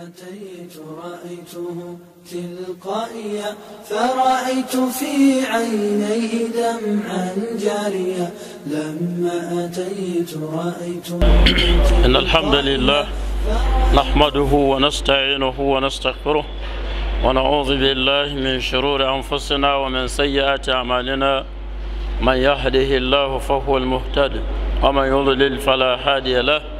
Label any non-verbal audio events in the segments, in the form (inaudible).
أتيت رأيته تلقائيا فرأيت في عينيه دمعا جاريا لما أتيت رأيته إن الحمد لله نحمده ونستعينه ونستغفره ونعوذ بالله من شرور أنفسنا ومن سيئات أعمالنا من يهده الله فهو المهتد ومن يضلل فلا هادي له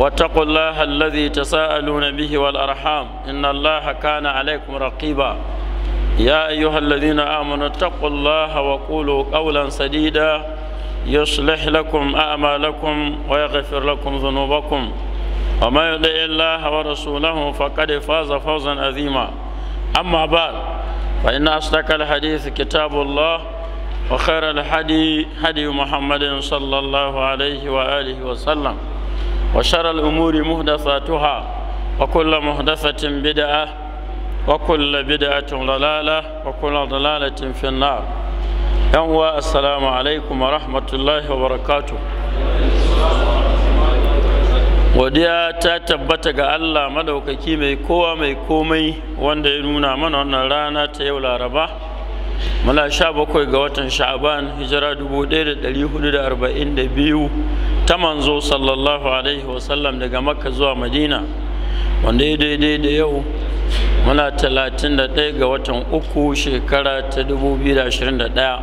واتقوا الله الذي تساءلون به والأرحام إن الله كان عليكم رقيبا يا أيها الذين آمنوا اتقوا الله وقولوا قولا سديدا يصلح لكم أعمالكم ويغفر لكم ذنوبكم وما يطع الله ورسوله فقد فاز فوزا عظيما أما بعد فإن أصدق الحديث كتاب الله وخير الحدي هدي محمد صلى الله عليه وآله وسلم وشر الأمور محدثاتها وكل محدثة بدعة وكل بدعة ضلالة وكل ضلالة في النار يوم السلام عليكم ورحمة الله وبركاته godiya ta tabbata ga Allah madaukaki mai kowa mai komai wanda ya nuna mana wannan rana ta yau laraba muna sha bakwai ga watan sha'aban hijira dubu ɗaya da da da ɗari arba'in biyu ta manzo sallallahu alaihi wasallam daga makka zuwa madina wanda ya daidai da yau muna ɗaya ga watan uku shekara ta dubu biyu da da ashirin ɗaya.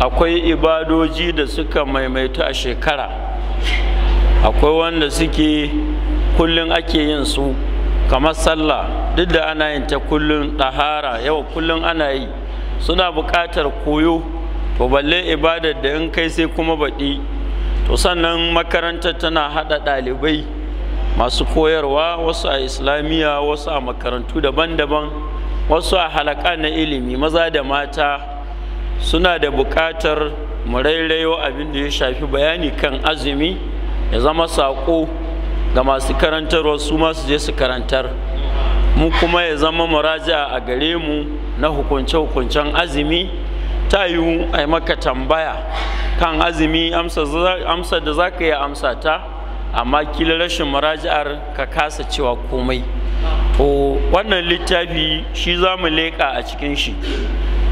akwai ibadoji da suka maimaitu a shekara akwai wanda suke kullum ake yin su kamar sallah duk da ana yin ta kullum ɗahara yau kullum ana yi suna buƙatar koyo to balle ibadar da in kai sai kuma baɗi to sannan makarantar tana haɗa ɗalibai masu koyarwa wasu a islamiyya wasu a makarantu daban-daban wasu a halaƙa na ilimi maza da mata suna da buƙatar mu rairayo abin da ya shafi bayani kan azumi ya zama saƙo ga masu karantarwa su ma je su karantar. mu kuma ya zama muraja a gare mu na hukunce-hukuncen azumi ta yiwu a maka tambaya kan azumi amsa da za ka yi amsa ta amma kila rashin muraja'ar ka kasa cewa komai to wannan littafi shi za mu leƙa a cikin shi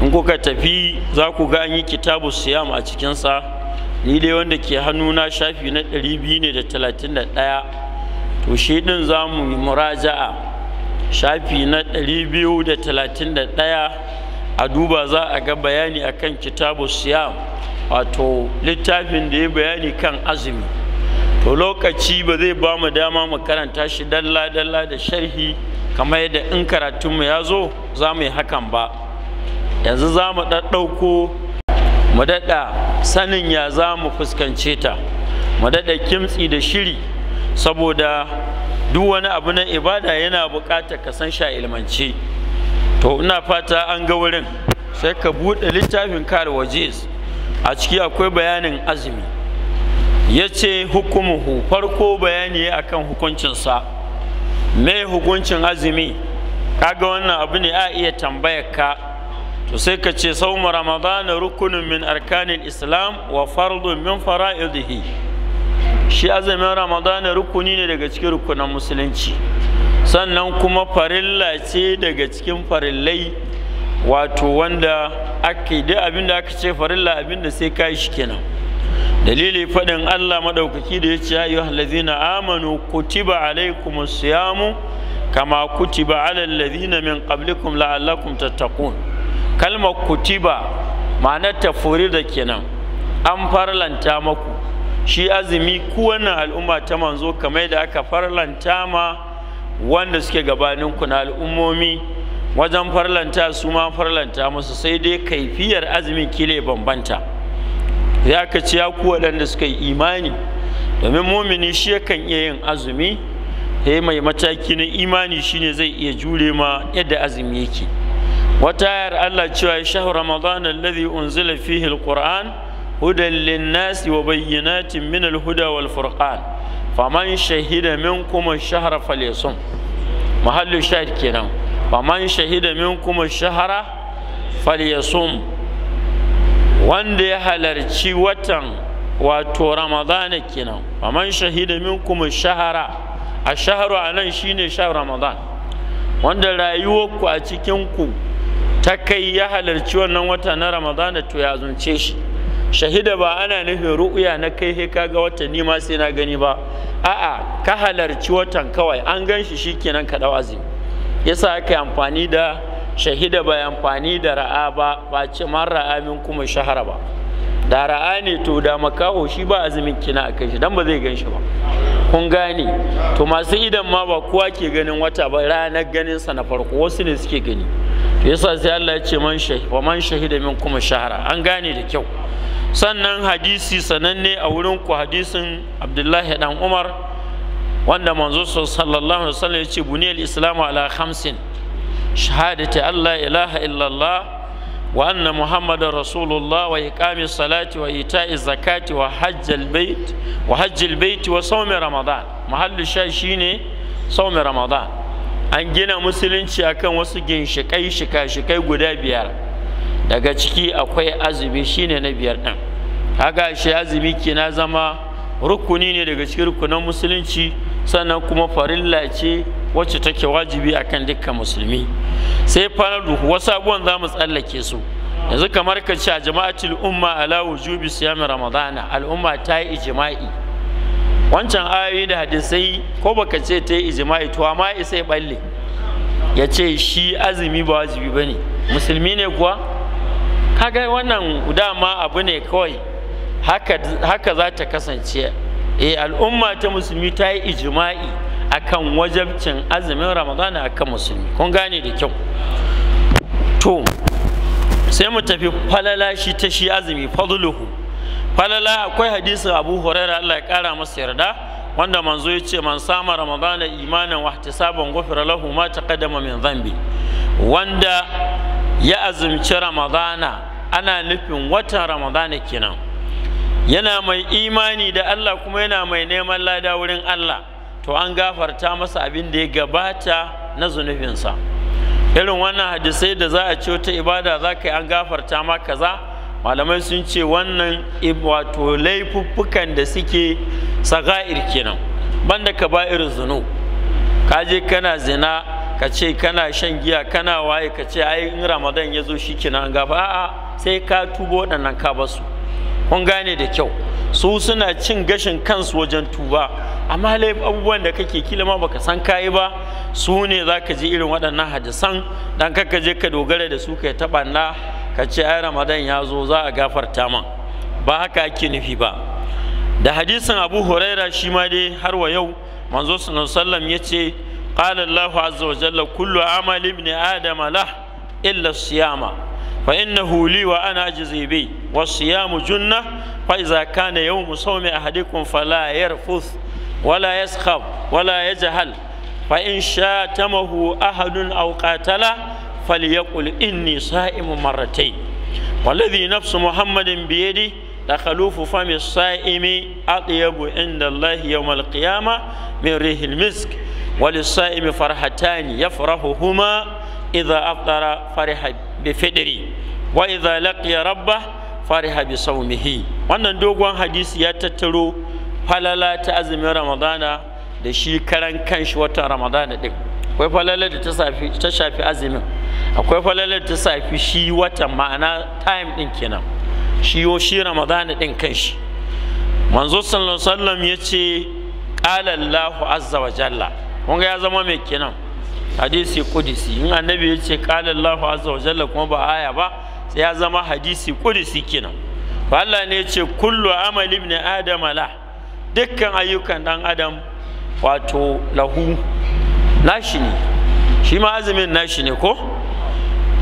in kuka tafi za ku ga an yi kitabu siyam a cikinsa ni dai wanda ke hannuna shafi na 231 to shi ɗin za mu yi muraja'a shafi na biyu da da talatin 231 a duba za a ga bayani akan kitabu siyam wato littafin da ya bayani kan azumi to lokaci ba zai ba mu dama mu karanta shi dalla-dalla da sharhi kamar yadda in karatunmu ya zo za mu yi hakan ba yanzu za mu ɗaɗɗauko mu daɗa sanin ya za mu fuskance ta mu daɗa kimtsi da shiri saboda duk wani abu na ibada yana buƙatar ka san sha ilmance to ina fata an ga wurin sai ka buɗe littafin kare waje a ciki akwai bayanin azumi ya ce hukumuhu farko bayani akan hukuncinsa me hukuncin azumi kaga wannan abu ne a iya tambayar ka to sai ka ce saumu ramadana rukunin min arkanin islam wa fardun min fara'idihi shi azumin ramadana rukuni ne daga cikin rukunan musulunci sannan kuma farilla ce daga cikin farillai wato wanda ake da abin da aka ce farilla abin da sai kai shi kenan dalili faɗin Allah maɗaukaki da ya ce ya yi amanu kutiba alaikum siyamu kama kutiba alal ladina min qablikum la'allakum tattaqun kalmar kutiba ma'anar tafuri da kenan an farlanta maku shi azumi ku wannan al'umma ta manzo kamar da aka farlanta ma wanda suke gabanin ku na al'ummomi wajen farlanta su ma farlanta musu sai dai kaifiyar azumin kile bambanta ya ka ci ku waɗanda suka yi imani domin mumini shi yakan iya yin azumi sai mai mataki na imani shine zai iya jure ma yadda azumi yake wata ayar Allah cewa ya shahar Ramadan alladhi unzila fihi alquran هدى للناس وبينات من الهدى والفرقان فمن شهد منكم الشهر فليصم محل الشاهد كنا فمن شهد منكم الشهر فليصم wanda ya halarci watan wato ramadana kenan faman shahida minkum shahara a shaharu a nan shine shahar wanda rayuwarku a cikinku ta kai ya halarci wannan wata na ramadana to ya zunce shi shahida ba ana nufin ru'uya na kai he kaga watan ma sai na gani ba a'a ka halarci watan kawai an gan shi shikenan ka dau azumi yasa aka yi amfani da shahida ba amfani da ra'a ba ba ce man ra'a min kuma shahara ba da ra'a ne to da makaho shi ba azumin kina a kai shi dan ba zai gan shi ba kun gane to masu idan ma ba kowa ke ganin wata ba ranar ganin sa na farko wasu ne suke gani to yasa sai Allah ya ce man shahida man shahida min kuma shahara an gane da kyau sannan hadisi sananne a wurin ku hadisin abdullahi dan umar wanda manzo sallallahu alaihi wasallam ya ce buniyal islamu ala khamsin shahadati allah ilaha illallah wa anna muhammadar rasulullah wa iqami salati wa ita'i zakati wa hajjal bait wa hajjal bait wa sawmi ramadan mahallu sha shine sawmi ramadan an gina musulunci akan wasu ginshikai shika-shikai guda biyar daga ciki akwai azumi shine na biyar ɗin haka shi azumi ke na zama rukuni ne daga cikin rukunan musulunci sannan kuma farilla ce wacce take wajibi akan dukkan musulmi sai faradu wasu abubuwan za mu tsallake su yanzu kamar ka ce a jama'atul umma ala wujubi siyami ramadana al'umma ta yi ijma'i wancan ayoyi da hadisai ko baka ce ta yi ijma'i to amma sai balle ya ce shi azumi ba wajibi bane musulmi ne kuwa kaga wannan dama abu ne kawai haka za ta kasance e al'umma ta musulmi ta yi ijima'i akan wajabcin azumin ramadana akan musulmi kun gane da kyau to sai mu tafi falala shi ta shi azumi fadluhu falala akwai hadisin abu huraira allah ya kara masa yarda wanda manzo ya ce man sama ramadana imanan wa ihtisaban ghufira lahu ma taqaddama min dhanbi wanda ya azumci ramadana ana nufin watan ramadana kenan yana mai imani da Allah kuma yana mai neman lada wurin Allah to an gafarta masa abin da ya gabata na zunubinsa irin wannan hadisai da za a ce wata ibada za ka yi an gafarta ma kaza malamai sun ce wannan wato laifuffukan da suke saga'ir kenan banda ka ba irin zunu ka je kana zina ka ce kana shan giya kana waye ka ce ai in ramadan ya zo shi kenan an gafa a'a sai ka tuba waɗannan ka basu kun gane da kyau su suna cin gashin kansu wajen tuba amma laif abubuwan da kake kila ma baka san kayi ba su ne za ka ji irin waɗannan hadisan dan kaka je ka dogara da su kai taɓa na ka ce ai ramadan ya zo za a gafarta man ba haka ake nufi ba da hadisin abu huraira shi ma dai har wa yau manzo sallam ya ce qala allah azza wa jalla kullu amali ibn adama lah illa siyama فإنه لي وأنا أجزي به والصيام جنة فإذا كان يوم صوم أحدكم فلا يرفث ولا يسخب ولا يجهل فإن شاتمه أحد أو قاتله فليقل إني صائم مرتين والذي نفس محمد بيدي لخلوف فم الصائم أطيب عند الله يوم القيامة من ريح المسك وللصائم فرحتان يفرحهما إذا أفطر فرح bifidiri wa idza laqiya rabbah fariha bi sawmihi wannan dogon hadisi ya tattaro falala ta azumin ramadana da shi karan kanshi watan ramadana din akwai falala da ta shafi ta shafi azumin akwai falala da ta shafi shi watan ma'ana time din kenan shi yo shi ramadana din kanshi manzo sallallahu alaihi wasallam yace qala allah azza wa jalla kun ya zama mai kenan hadisi kudisi in annabi ya ce qala Allahu azza wa jalla kuma ba aya ba sai ya zama hadisi kudisi kenan fa Allah ne ya ce kullu amali ibn adam la dukkan ayyukan dan adam wato lahu nashi ne shi ma azumin nashi ne ko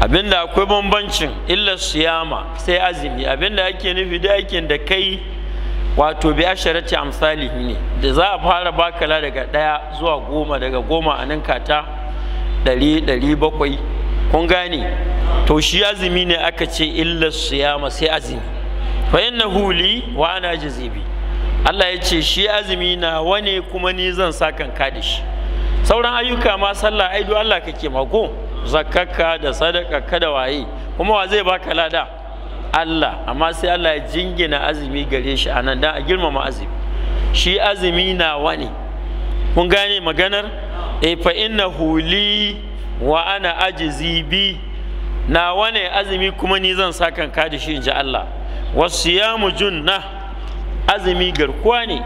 abinda akwai bambancin illa siyama sai azumi abinda ake nufi da aikin da kai wato bi asharati amsalihi ne da za a fara bakala daga ɗaya zuwa goma daga goma a ninkata ɗari ɗari bakwai kun gane to shi azumi ne aka ce illa siyama sai azumi fa innahu li wa ana jazibi Allah ya ce shi azumi na wane kuma ni zan sa kanka da shi sauran ayyuka ma sallah aidu Allah kake mako Zakaka da sadaka kada waye kuma wa zai baka lada Allah amma sai Allah ya jingina azumi gare shi anan dan a girmama azumi shi azumi na wane kun gane maganar e fa inna huli wa ana ajizi bi na wane azumi kuma ni zan sa ka da shi inji Allah wasu ya junna azumi garkuwa ne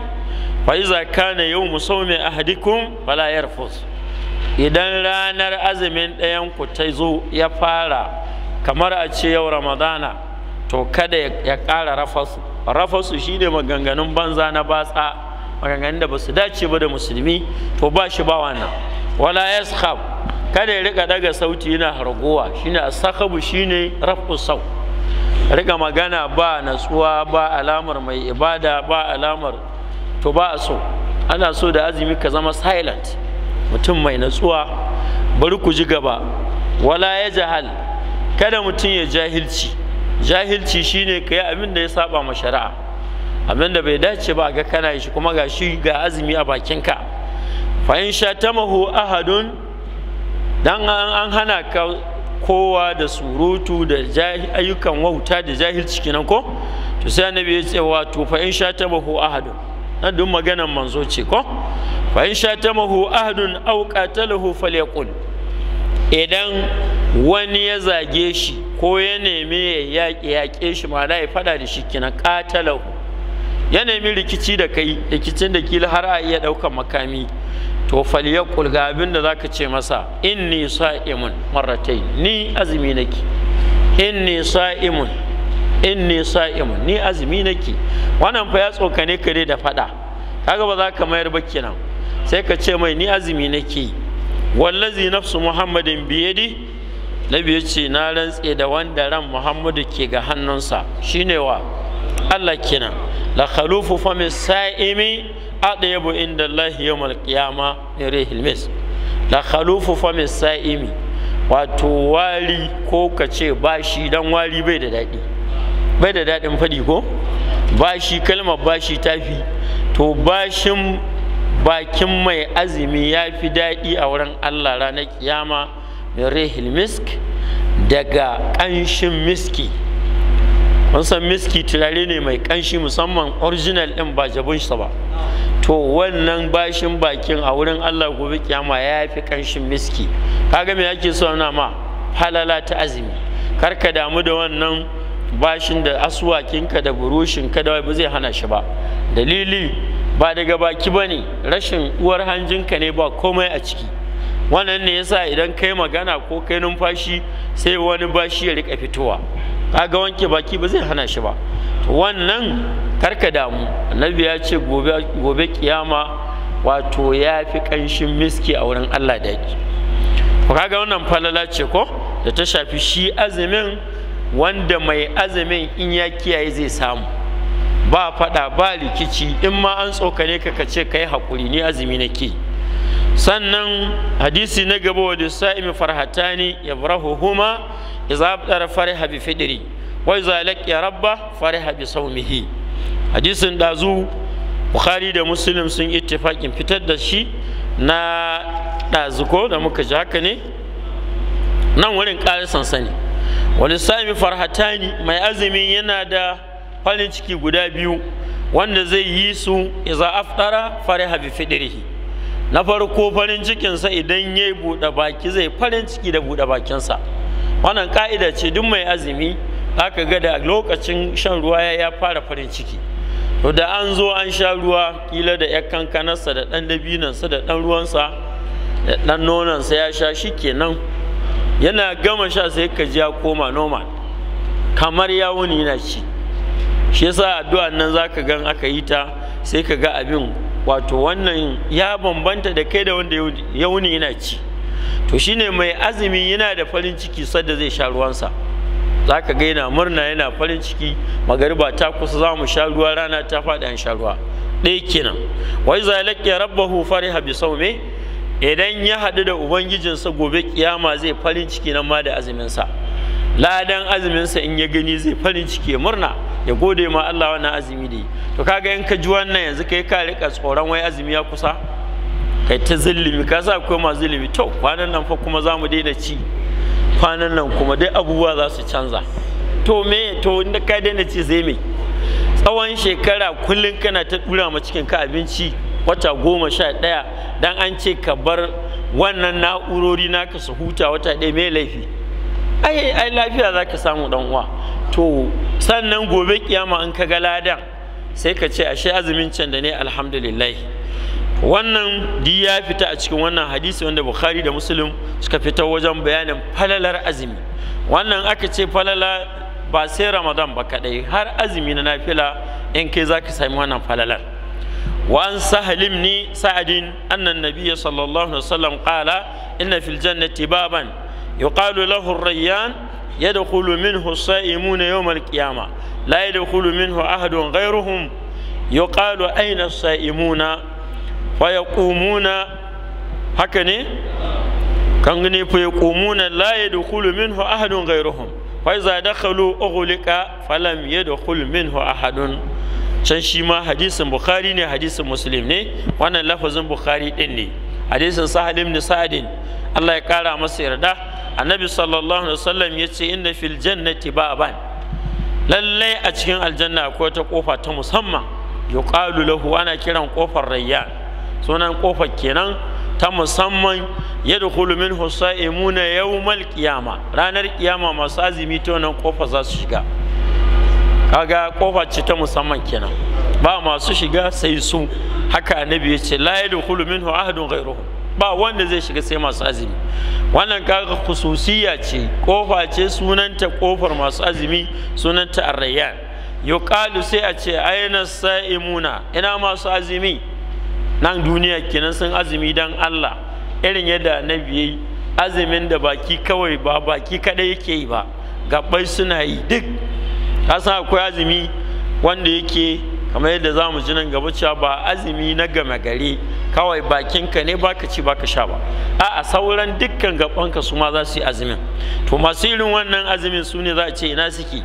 fa iza kana yawmu sawmi ahadikum fala yarfus idan ranar azumin ɗayan ku ta zo ya fara kamar a ce yau ramadana to kada ya ƙara rafasu rafasu shine maganganun banza na batsa maganganun da ba su dace ba da musulmi to ba shi ba wannan wala yaskhab kada ya rika daga sauti yana harguwa shine asakhabu shine rafu sau rika magana ba natsuwa ba alamar mai ibada ba alamar to ba a so ana so da azumi ka zama silent mutum mai natsuwa bari ku ji gaba wala ya jahal kada mutum ya jahilci jahilci shine ka yi abin da ya saba ma shari'a Abinda bai dace ba ga kana shi kuma ga shi ga azumi a bakinka fa in shatamahu ahadun dan an hana ka kowa da surutu da ayyukan wauta da jahilci kenan ko to sai annabi ya ce wato fa in shatamahu ahadun nan duk maganan manzo ce ko fa in shatamahu ahadun aw qatalahu falyaqul idan wani ya zage shi ko ya neme ya yaƙe shi ma ya faɗa da shi kenan qatalahu ya rikici da kai rikicin da kila har a iya ɗaukan makami to falyakul ga abin da za ka ce masa ni sa'imun marratai ni azumi nake ni sa'imun ni sa'imun ni azumi nake wannan fa ya tsokane kare da faɗa kaga ba za ka mayar ba kenan sai ka ce mai ni azumi nake wallazi nafsu muhammadin biyadi nabi ya ce na rantse da wanda ran muhammadu ke ga hannunsa shine wa Allah kenan la khalufu min sa'imi adayabu inda Allah yawmal qiyama rihil mis la khalufu min sa'imi wato wali ko kace ce bashi dan wali bai da daɗi bai da daɗin faɗi ko bashi kalmar bashi tafi to bashin bakin mai azumi ya fi daɗi a wurin Allah ranar kiyama min rihil misk daga ƙanshin miski mun san miski turare ne mai kanshi musamman original din ba jabun shi ba to wannan bashin bakin a wurin Allah gobe kiyama ya fi kanshin miski kaga me yake so na ma halala ta azumi kar ka damu da wannan bashin da asuwakinka da burushin ka da ba zai hana shi ba dalili ba daga baki bane rashin uwar hanjinka ne ba komai a ciki wannan ne yasa idan kai magana ko kai numfashi sai wani bashi ya rika fitowa kaga wanke baki ba zai hana shi ba wannan karka damu annabi ya ce gobe kiyama wato ya fi ƙanshin miski a wurin allah daji ga wannan falala ce ko da ta shafi shi azumin wanda mai azumin in ya kiyaye zai samu ba fada ba rikici in ma an tsokane ka ka ce kai hakuri ni azumi nake sannan hadisi na gaba wa sa'imi farhatani Huma. iza abdara fariha bi fidri wa idza laqiya rabba fariha bi sawmihi hadisin dazu bukhari da muslim sun ittifakin fitar da shi na dazu ko da muka ji haka ne nan wurin ƙarin sani wani sami farhatani mai azumi yana da farin ciki guda biyu wanda zai yi su iza afdara fariha bi fidrihi na farko farin cikinsa idan ya buɗe baki zai farin ciki da buɗe bakinsa wannan ka'ida ce duk mai azumi aka ga da lokacin shan ruwa ya fara farin ciki to da an zo an sha ruwa kila da yan kankanarsa da ɗan dabinansa da ɗan ruwansa da ɗan nonansa ya sha shi kenan yana gama sha sai ka ji ya koma normal kamar ya wuni yana ci shi yasa addu'a nan zaka gan aka yi ta sai ka ga abin wato wannan ya bambanta da kai da wanda ya wuni yana ci to shine mai azumi yana da farin ciki sadda zai sha ruwansa za ka ga yana murna yana farin ciki magariba ta kusa za mu sha ruwa rana ta faɗi an sha ruwa ɗaya kenan wai za ya rabbahu fariha bi saume idan ya haɗu da ubangijinsa gobe kiyama zai farin ciki nan ma da azuminsa ladan azuminsa in ya gani zai farin ciki murna ya gode ma Allah wannan azumi da yi to kaga in ka ji wannan yanzu kai ka rika tsoron wai azumi ya kusa kai ta zillimi ka sa akwai masu zillimi to kwanan nan fa kuma za mu daina ci kwanan nan kuma dai abubuwa za su canza to me to inda ka daina ci zai me tsawon shekara kullum kana ta dura ma cikin ka abinci wata goma sha ɗaya dan an ce ka bar wannan na'urori naka su huta wata ɗaya mai laifi ai ai lafiya za ka samu dan uwa to sannan gobe kiyama in ka ga ladan sai ka ce ashe azumin can da ne alhamdulillah wannan duk ya fita a cikin wannan hadisi wanda bukhari da muslim suka fita wajen bayanin falalar azumi wannan aka ce falala ba sai ramadan ba kaɗai har azumi na nafila in kai za ka sami wannan falalar wan ne ni sa'adin annan nabiya sallallahu alaihi wasallam qala inna fil jannati baban yuqalu lahu rayyan yadkhulu minhu as-sa'imuna yawm al-qiyamah la yadkhulu minhu ahadun ghayruhum yuqalu ayna as-sa'imuna fa yaqumuna haka ne kan gani fa yaqumuna la yadkhulu minhu ahadun ghayruhum fa iza dakhalu ughliqa falam yadkhul minhu ahadun can shi ma hadisin bukhari ne hadisin muslim ne wannan lafazin bukhari ɗin ne hadisin sahal ibn Allah ya kara masa yarda annabi sallallahu alaihi wasallam inda inna fil jannati baban lallai a cikin aljanna akwai wata kofa ta musamman yuqalu lahu ana kiran kofar rayyan sunan kofar kenan ta musamman ya dukulu min yau mal kiyama ranar kiyama masu azumi ta wannan kofa za su shiga kaga kofa ce ta musamman kenan ba masu shiga sai su haka annabi ya ce la yadkhulu minhu ahadun ghayruhum ba wanda zai shiga sai masu azumi wannan kaga khususiya ce kofa ce sunanta kofar masu azumi sunanta arrayyan yuqalu sai a ce aina sa'imuna ina masu azumi nan duniya kenan sun azumi dan Allah irin yadda na yayi azumin da baki kawai ba baki kadai yake yi ba gabbai suna yi duk kasa akwai azumi wanda yake kamar yadda za mu ji nan gaba cewa ba azumi na gama gare kawai bakinka ne baka ci baka sha ba a'a sauran dukkan gabanka su ma za su yi azumin to masu irin wannan azumin su ne za a ce ina suke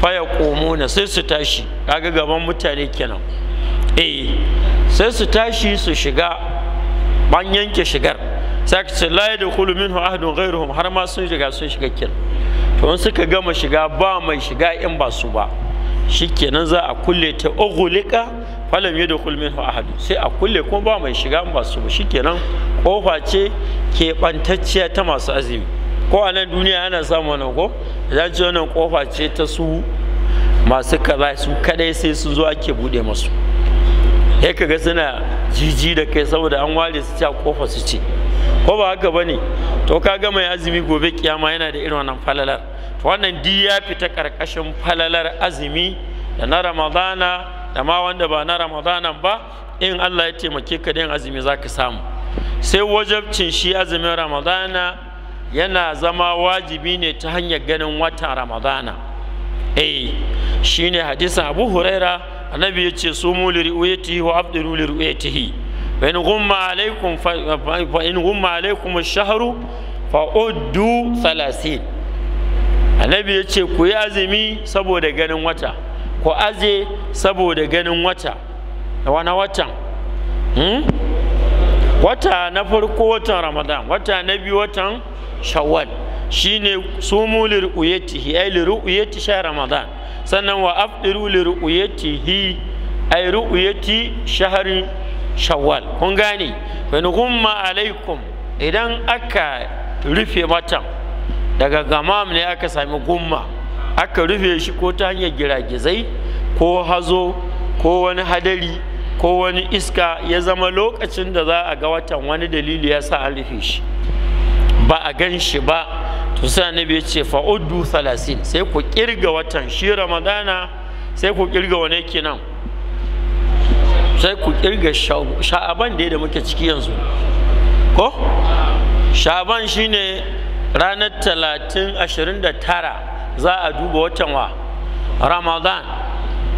faya komo na sai su tashi kaga gaban mutane kenan eh sai su tashi su shiga ban yanke shigar sai ka ce la yadkhulu minhu ahadun ghayruhum har ma sun shiga sun shiga kin to in suka gama shiga ba mai shiga in ba su ba shikenan za a kulle ta ogulika falam yadkhul minhu ahad sai a kulle kuma ba mai shiga in ba su ba shikenan kofa ce ke bantacciya ta masu azumi ko a nan duniya ana samu wannan ko za ji wannan kofa ce ta su masu kaza su kadai sai sun zo ake bude masu ya kaga suna jiji da kai saboda an ware su ci a kofa su ci ko ba haka bane to kaga mai azumi gobe kiyama yana da irin wannan falalar to wannan di ya fita karkashin falalar azumi da na ramadana da ma wanda ba na ramadana ba in Allah ya taimake ka da yin azumi ka samu sai wajabcin shi azumin ramadana yana zama wajibi ne ta hanyar ganin watan ramadana eh shine hadisin Abu Huraira annabi ya ce sumu li ru'yatihi wa abdiru li ru'yatihi Wa in ghumma alaykum fa in ghumma alaykum ash-shahru fa uddu 30 annabi ya ce ku yi azumi saboda ganin wata ku aje saboda ganin wata da wani watan hmm? wata na farko watan ramadan wata na biyu watan shawwal shine sumu li ru'yatihi ay li ru'yati shahr ramadan sannan wa afdiru li ru'yatihi ay ru'yati shahrin shawwal kun gane wani gumma alaikum idan aka rufe matan daga gamam ne aka sami gumma aka rufe shi ko ta hanyar giragizai ko hazo ko wani hadari ko wani iska ya zama lokacin da za a ga watan wani dalili ya sa an rufe shi ba a gan shi ba to sai annabi ya ce fa'uddu salasin sai ku kirga watan shi ramadana sai ku kirga wane kenan sai ku kirga sha'aban da da muke ciki yanzu ko sha'aban shine ranar talatin ashirin da tara za a duba watan wa ramadan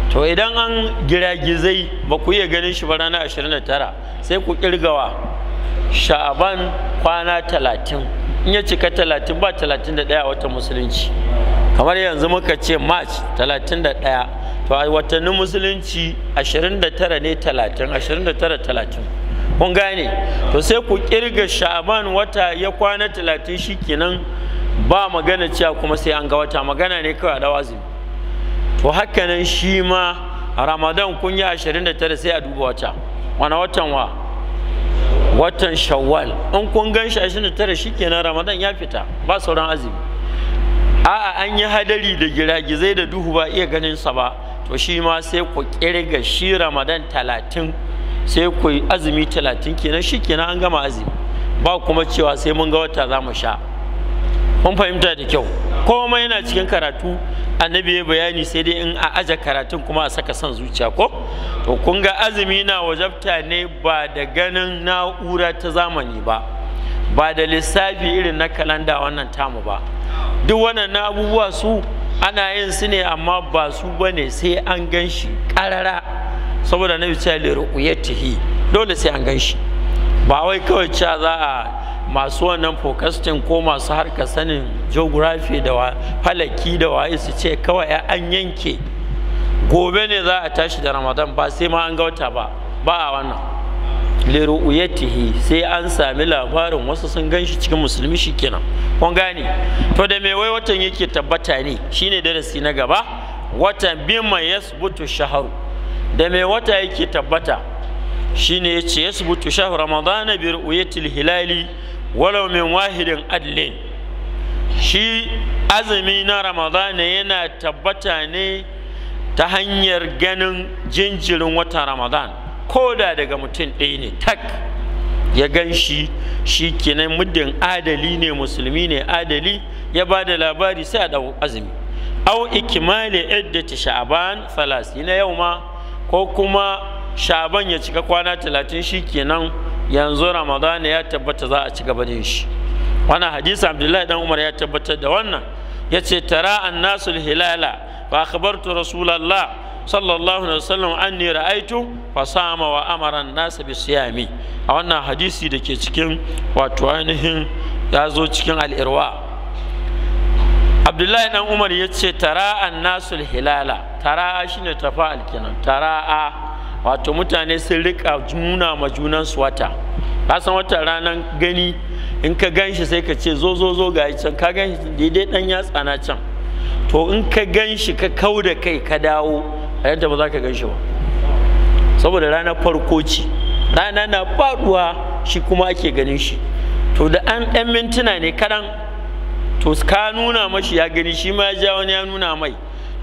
to idan an giragizai ba ku iya ganin shi ba ranar ashirin da tara sai ku kirgawa sha'aban kwana talatin in ya cika talatin ba talatin da daya a watan musulunci kamar yanzu muka ce march talatin da daya. to a watannin musulunci ashirin da tara ne talatin ashirin da tara talatin kun gane to sai ku kirga sha'aban wata ya kwana talatin shikenan ba magana cewa kuma sai an ga wata magana ne kawai da wazi to hakanan shi ma ramadan kun yi ashirin da tara sai a duba wata wani watan wa watan shawwal in kun gan shi shi shikenan ramadan ya fita ba sauran azumi a'a an yi hadari da giragizai da duhu ba iya ganin sa ba to shi ma sai ku kirga shi ramadan talatin sai ku yi azumi talatin kenan shikenan an gama azumi ba kuma cewa sai mun ga wata za mu sha mun fahimta da kyau komai yana cikin karatu annabi ya bayani sai dai in a aje karatun kuma a saka son zuciya ko to kun ga azumi na wajabta ne ba da ganin na'ura ta zamani ba ba da lissafi irin na kalanda wannan tamu ba duk wannan na abubuwa su ana yin su ne amma ba su bane sai an gan shi ƙarara saboda na bi cewa liru'uyatihi dole sai an gan shi ba wai kawai cewa za a masu wannan forecasting ko masu harka sanin geography da falaki da waye su ce kawai an yanke gobe ne za a tashi da ramadan ba sai ma an gauta ba ba a wannan liru'uyatihi sai an sami labarin wasu sun gan cikin musulmi shi kenan kun gane to da me wai watan yake tabbata ne shine darasi na gaba watan bima yasbutu shaharu da me wata yake tabbata shine yace yasbutu shahru ramadana bi ru'yatil hilali walau min wahidin adlin shi azumi na ramadana yana tabbata ne ta hanyar ganin jinjirin watan ramadan ko da daga mutum ɗaya ne tak ya gan shi shi kenan muddin adali ne musulmi ne adali ya ba da labari sai a ɗau azumi au ikimali sha'aban sha'ban na yau ma ko kuma sha'aban ya cika kwana talatin shi kenan yanzu ramadana ya tabbata za a ci gaba da shi wannan hadisi abdullahi dan umar ya tabbatar da wannan ya ce tara annasu hilala fa akhbartu rasulullah sallallahu alaihi wasallam anni ra'aitu fa sama wa amara an-nas bi siyami a wannan hadisi da ke cikin wato ainihin ya zo cikin al'irwa, abdullahi dan umar ya ce tara annasu hilala tara shine tafa'al kenan tara'a wato mutane sun rika juna ma junan su wata ka san wata ranan gani in ka gan shi sai ka ce zo zo zo ga can ka gan shi daidai dan yatsa na can to in ka gan shi ka kau da kai ka dawo a yadda ba za ka gan shi ba saboda ranar farko ce rana na faduwa shi kuma ake ganin shi to da an dan mintuna ne kadan to ka nuna mashi ya gani shi ma ya ja wani ya nuna mai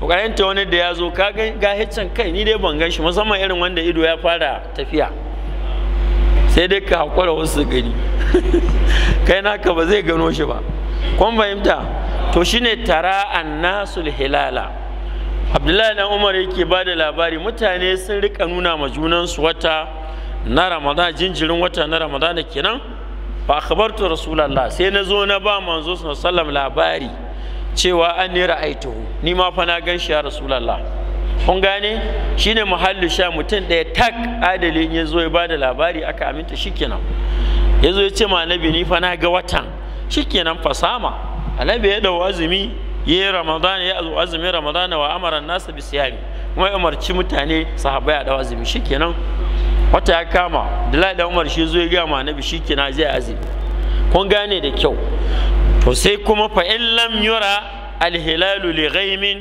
ƙaranta wani da ya zo ka ga hiccan kai ni dai ban gan shi musamman irin wanda ido ya fara tafiya sai dai ka haƙura wasu gani (laughs) kai naka ba zai gano shi ba kwan fahimta to shine tara nasu hilala abdullahi na umar yake ba da labari mutane sun rika nuna ma junansu wata na ramadan jinjirin wata na ramadan kenan fa akhbartu rasulullah sai na zo na ba manzo sallallahu alaihi wasallam labari cewa an ni ra'aituhu ni ma fa na gan shi ya rasulullah kun gane shine muhallu sha mutum ɗaya tak adalin ya zo ya bada labari aka aminta shikenan ya zo ya ce ma annabi ni fa na ga watan shikenan fasama alabi ya dau azumi ya yi ramadana ya zo azumi ramadana wa amara nasa bi siyami kuma ya umarci mutane sahabbai a dau azumi shikenan wata ya kama da umar shi zo ya ga ma annabi shikenan zai azumi kun gane da kyau to sai kuma fa in lam yura alhilalu li ghaimin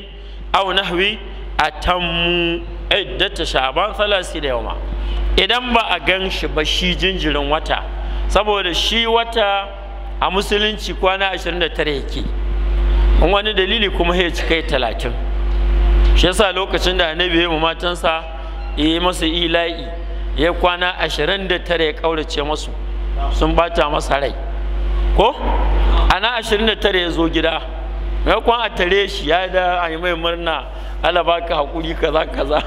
aw nahwi atammu iddata sha'ban 30 yawma idan ba a gan shi ba shi jinjirin wata saboda shi wata a musulunci kwana 29 yake wani dalili kuma ya kai 30 shi yasa lokacin da annabi ya mu matansa ya yi masa ila'i ya kwana 29 ya kaurace masu sun bata masa rai ko a na tare ya zo gida maimakon a tare shi ya da a yi mai murna ala ka haƙuri kaza kaza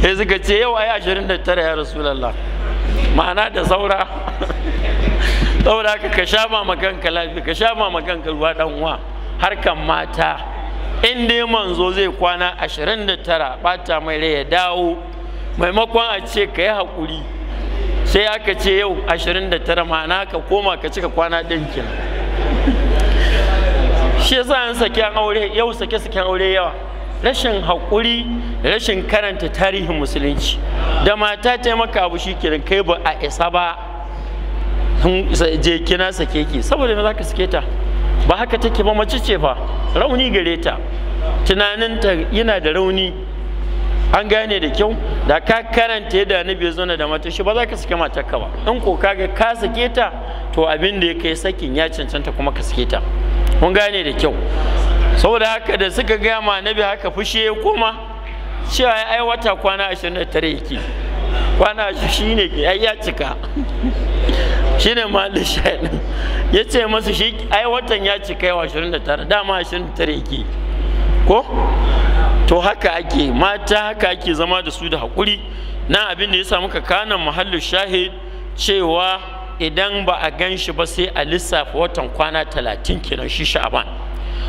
(laughs) sai suka ce yau a yi ashirin da tare ya rasulallah ma'ana da saura (laughs) saboda haka ka sha mamakanka lafiya ka sha mamakanka ruwa ɗan uwa harkan mata in dai manzo zai kwana ashirin da tara, bata mai rai ya dawo maimakon a ce ka yi haƙuri sai aka ce yau 29 ma'ana ka koma ka cika kwana ɗin kenan shi yasa an saken aure yau sake sake aure yawa rashin haƙuri rashin karanta tarihin musulunci da mata taimaka abu shi kai ba a isa ba je kina sake ki saboda me zaka sake ta ba haka take ba mace ce fa rauni gare ta tunaninta yana da rauni an gane da kyau da ka karanta yadda annabi ya zauna da matar shi ba za ka sake matar ka ba in ko kaga ka sake ta to abin da ya kai sakin ya cancanta kuma ka sake ta mun gane da kyau saboda haka da suka gaya ma annabi haka fushi ya koma cewa ya ai wata kwana 29 yake kwana shi ne ai ya cika shine mahallin shaɗin ya ce masu shi ai watan ya cika yawa 29 dama 29 yake ko to haka ake mata haka ake zama da su da hakuri, na abin da ya samu ka kanan muhallin shahid cewa idan ba a gan shi ba sai a lissafa watan kwana talatin kenan shi sha'aban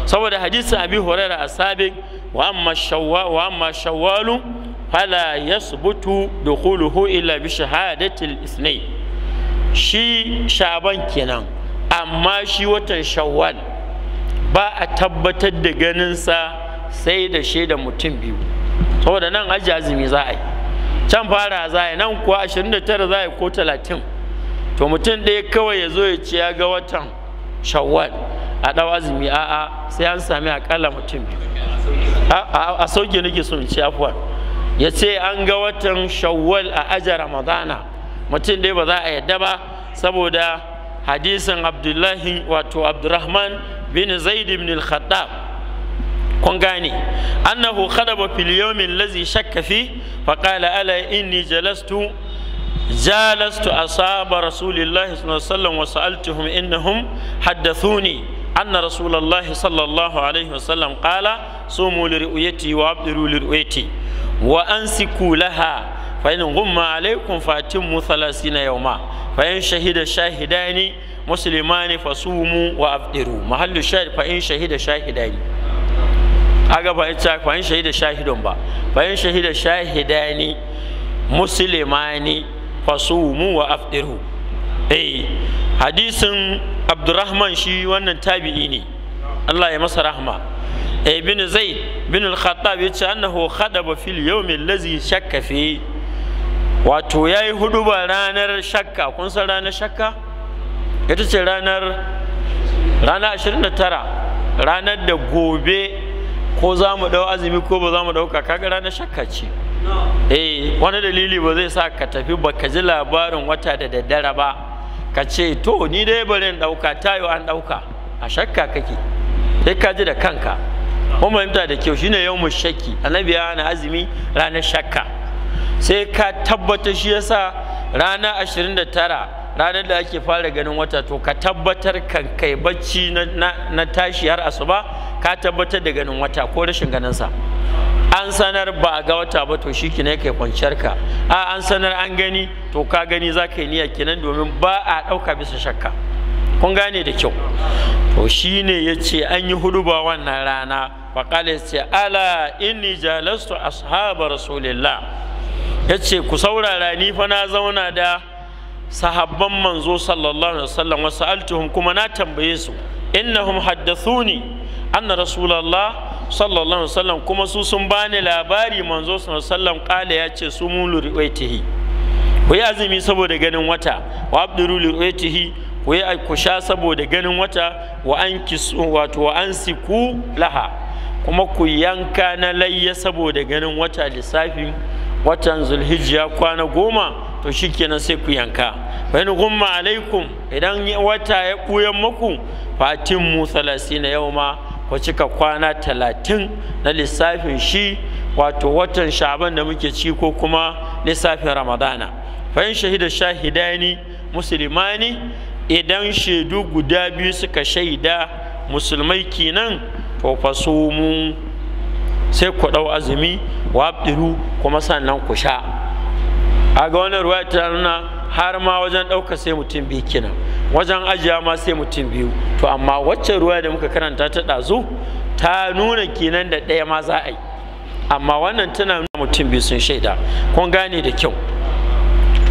saboda hadisi abi horaira a sabik wa amma shawwalu fala da dukhuluhu ila bi shahadatil isnai shi sha'aban kenan amma shi watan shawwal ba a tabbatar da ganinsa sai da shaida mutum biyu saboda nan aji azumi za a yi can fara za a yi nan kuwa 29 za a yi ko 30 to mutum ɗaya kawai ya zo ya ce ya ga watan shawwal a ɗau azumi a'a sai an sami akalla mutum biyu a sauke nake so ce afuwa ya ce an ga watan shawwal a aja ramadana mutum ɗaya ba za a yadda ba saboda hadisin abdullahi wato abdurrahman bin zaid bin khattab kun gane annahu khadaba fil yawmin lazi shakka fi fa qala ala inni jalastu jalastu asaba rasulillahi sallallahu alaihi wasallam wa innahum haddathuni anna rasulullahi sallallahu alaihi wasallam qala sumu wa abdiru wa ansiku laha فإن غم عليكم فأتموا ثلاثين يوما فإن شهد شاهدان مسلمان فصوموا وأفطروا Aga ba ita shahida shahidun ba fa in shahida shahidani muslimani fasumu wa afdiru eh hadisin abdurrahman shi wannan tabi'i ne Allah ya masa rahma eh zai zaid bin al-khattab yace annahu khadaba fil yawm allazi shakka fi wato yayi huduba ranar shakka kun san ranar shakka ita ce ranar rana 29 ranar da gobe ko za mu ɗau azumi ko ba za mu ɗauka kaga ranar shakka ce eh wani dalili ba zai sa ka tafi ba ka ji labarin wata da daddare ba ka ce to ni dai bari in ɗauka tayo an ɗauka a shakka kake sai ka ji da kanka Mun fahimta da kyau shine yau mu shakki annabi ya na azumi ranar shakka sai ka tabbata shi yasa ranar ashirin da tara ranar da ake fara ganin wata to ka tabbatar kan kai bacci na tashi har asuba ka tabbatar da ganin wata ko rashin ganinsa an sanar ba a ga wata ba to shi ne kai kwanciyar ka a an sanar an gani to ka gani za ka yi niyya kenan domin ba a ɗauka bisa shakka kun gane da kyau to shi ne ya ce an yi hudu ba wannan rana faƙalis ce ala inni jalastu ashaba rasulillah ya ce ku saurara ni fa na zauna da sahabban manzo sallallahu alaihi wasallam wasu kuma na tambaye su innahum haddathuni anna rasulallah sallallahu alaihi wasallam kuma su sun bani labari manzo sallallahu alaihi wasallam ya ce su mulu ruwaitihi ku yi azumi saboda ganin wata wa abduru ruwaitihi ku yi ku sha saboda ganin wata wa an kisu wato wa an siku laha kuma ku yanka na layya saboda ganin wata lissafin watan zulhijja kwana goma to shikenan sai ku yanka fa in gumma alaikum idan wata ya buyan muku fa timmu 30 ma. ku cika kwana talatin na lissafin shi wato watan shaban da muke ci ko kuma lissafin ramadana Fan shahida shahidani musulmani idan shaidu guda biyu suka shaida musulmai kenan to fa mu sai ku ɗau azumi wabdiru kuma sannan ku sha a ga wani ruwa ta nuna har ma wajen ɗauka sai mutum bi kenan wajen ajiya ma sai mutum biyu to amma waccan ruwa da muka karanta ta ɗazu ta nuna kenan da ɗaya ma za a yi amma wannan tana nuna mutum biyu sun shaida kun gane da kyau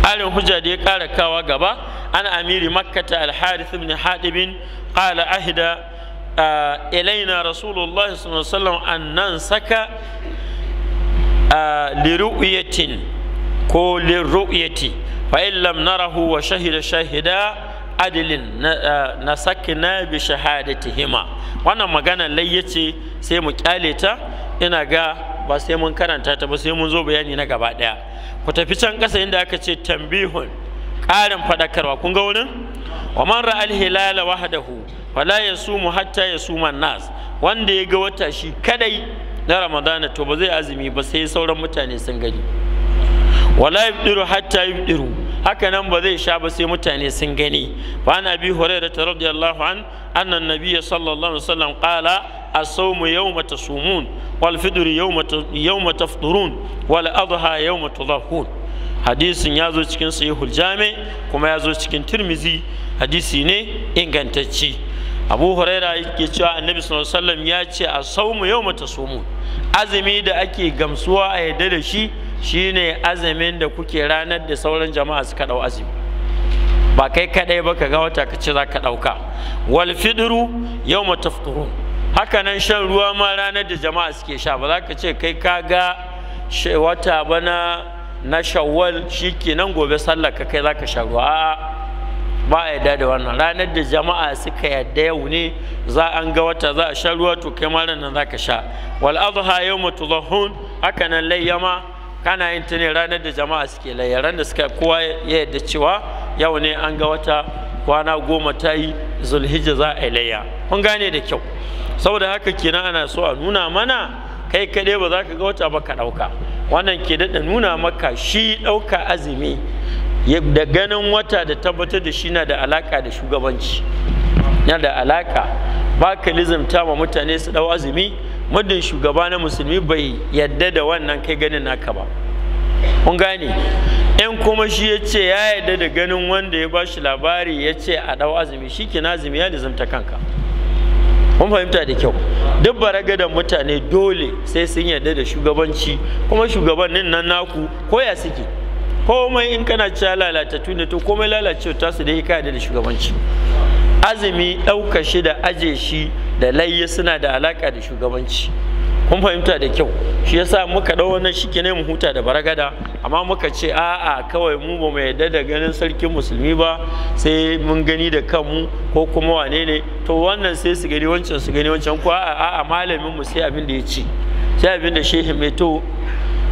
alin hujja da ya ƙara kawa gaba ana amiri makkata alharith ibn hadibin qala ahida ilaina rasulullah sallallahu alaihi wasallam an nan saka liru'yatin ko liru'yati fa lam narahu wa shahida shahida adilin na ah, sakina bi shahadatihima wannan magana laiye ce sai mu kyale ta ina ga ba sai mun karanta ta ba sai mun zo bayani na gaba daya ku tafi can kasa inda aka ce tambihun karin faɗakarwa kun ga wurin wa man ra'al hilal wahdahu fala yasumu hatta yasuma nas wanda ya ga wata shi kadai na ramadana to ba zai azumi ba sai sauran mutane sun gani wala yubdiru hatta yubdiru haka nan ba zai sha ba sai mutane sun gani fa ana bi hurairah radiyallahu an anna nabiyya sallallahu alaihi wasallam qala الصوم يوم تصومون والفطر يوم يوم تفطرون والأضحى يوم تضحون ya zo cikin sahihul jami kuma ya zo cikin tirmizi hadisi ne ingantacci. abu huraira yake cewa annabi sallallahu alaihi wasallam ya ce a saumu yau mata sumu azumi da ake gamsuwa a yadda da shi shine azumin da kuke ranar da sauran jama'a suka ɗau azumi ba kai kaɗai ba ka ga wata ka ci za ka ɗauka wal fidru yau matafturun haka nan shan ruwa ma ranar da jama'a suke sha ba za ka ce kai ka ga wata ba na shawwal shi nan gobe sallar ka kai za ka sha ruwa a'a ba a yarda da wannan ranar da jama'a suka yarda yau ne za an ga wata za a sha ruwa to kai ma ranar za ka sha wal adha yawma tudhahun haka nan layyama kana yin ta ne ranar da jama'a suke layya ranar da suka kowa ya yadda cewa yau ne an ga wata kwana goma ta yi zulhijja za a yi layya kun gane da kyau saboda haka kenan ana so a nuna mana kai kaɗai ba za ka ga wata ba ka ɗauka wannan ke daɗa nuna maka shi ɗauka azumi da ganin wata da tabbatar da shi na da alaƙa da shugabanci na da alaƙa ba ka lizimta ma mutane su ɗau azumi muddin shugaba na musulmi bai yadda da wannan kai ganin naka ba kun gane in kuma shi ya ce ya yadda da ganin wanda ya bashi labari ya ce a ɗau azumi shi ke azumi ya lizimta kanka mun fahimta da kyau duk baragadan mutane dole sai sun yadda da shugabanci kuma shugabannin nan naku koya suke komai in kana cewa lalata ne komai lalacewa tasu da hikaya da shugabanci azumi ɗauka shi da aje shi da layya suna da alaƙa da shugabanci kun fahimta da kyau shi yasa muka ɗau wannan shi ne mu huta da baragada amma muka ce a'a kawai mu ba mu yadda da ganin sarkin musulmi ba sai mun gani da kanmu ko kuma wane ne to wannan sai su gani wancan su gani wancan ko a'a a'a malamin mu sai abin da ya ci sai abin da shehu mai to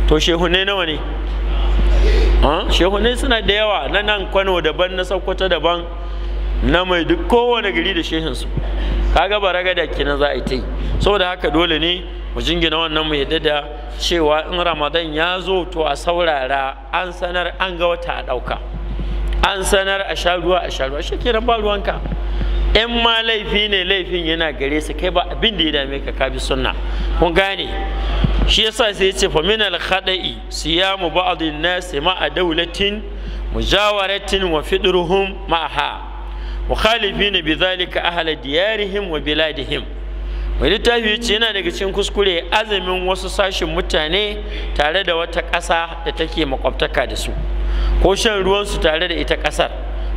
to shehu ne nawa ne shehu ne suna da yawa na nan kwano daban na Sokoto daban na mai duk kowane gari da shehinsu kaga ragada kenan za a yi ta yi saboda haka dole ne mu jingina wannan mu yadda da cewa in ramadan ya zo to a saurara an sanar an ga wata a ɗauka an sanar a sha ruwa a sha ruwa kenan ba ruwanka in ma laifi ne laifin yana gare su kai ba abin da ya dame ka ka bi sunna kun gane shi yasa sai ya ce fa min al khada'i siyamu ba'd an-nas ma'a dawlatin mujawaratin wa fidruhum ma'aha mukhalifina bidhalika ahla diyarihim wa biladihim mai littafi yace yana daga cikin kuskure azumin wasu sashen mutane tare da wata ƙasa da take makwabtaka da su ko shan ruwansu tare da ita ƙasar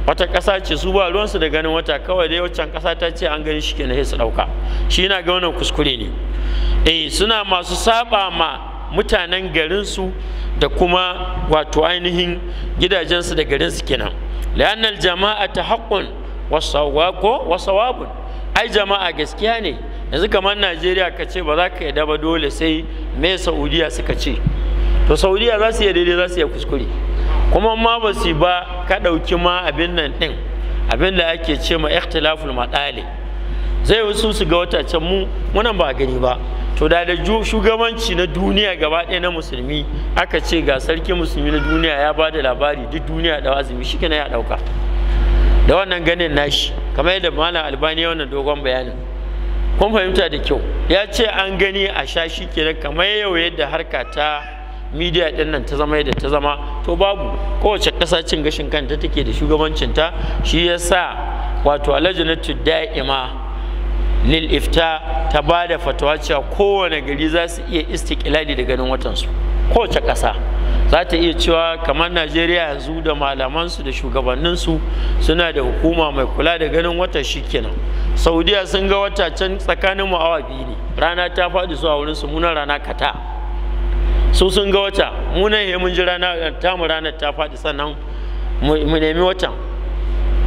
wata ƙasa ce su ba ruwansu da ganin wata kawai da yawancin ƙasa ta ce an gani shi kenan su ɗauka shi yana ga wannan kuskure ne eh suna masu saba ma mutanen garinsu da kuma wato ainihin gidajensu da garinsu kenan la'annal jama'a ta haƙƙun wasawako wasawabun ai jama'a gaskiya ne yanzu kamar najeriya ka ce ba za ka yada ba dole sai me saudiya suka ce to saudiya za su yi daidai za su yi kuskure kuma ma ba su ba ka ɗauki ma abin nan ɗin abin da ake ce ma ikhtilaful maɗali zai wasu su ga wata can mu munan ba gani ba to da da shugabanci na duniya gaba ɗaya na musulmi aka ce ga sarki musulmi na duniya ya ba da labari duk duniya da azumi shi ya ɗauka da wannan ganin nashi kamar yadda malam albani wannan dogon bayanin kun fahimta da kyau ya ce an gani a sha shi kenan kamar yau yadda harka ta midiya din nan ta zama yadda ta zama to babu kowace ƙasa cin gashin kanta take da shugabancinta shi ya sa wato alajinatu da'ima lil ifta ta ba da fatawa cewa kowane gari za su iya istiƙilali da ganin watansu kowace ƙasa za ta iya cewa kamar najeriya yanzu da malamansu da shugabanninsu suna da hukuma mai kula da ganin wata shi kenan saudiya sun ga wata can tsakanin mu awa biyu ne rana ta faɗi zuwa wurin su muna rana kata su sun ga wata muna he mun ji rana ta mu rana ta faɗi sannan mu nemi watan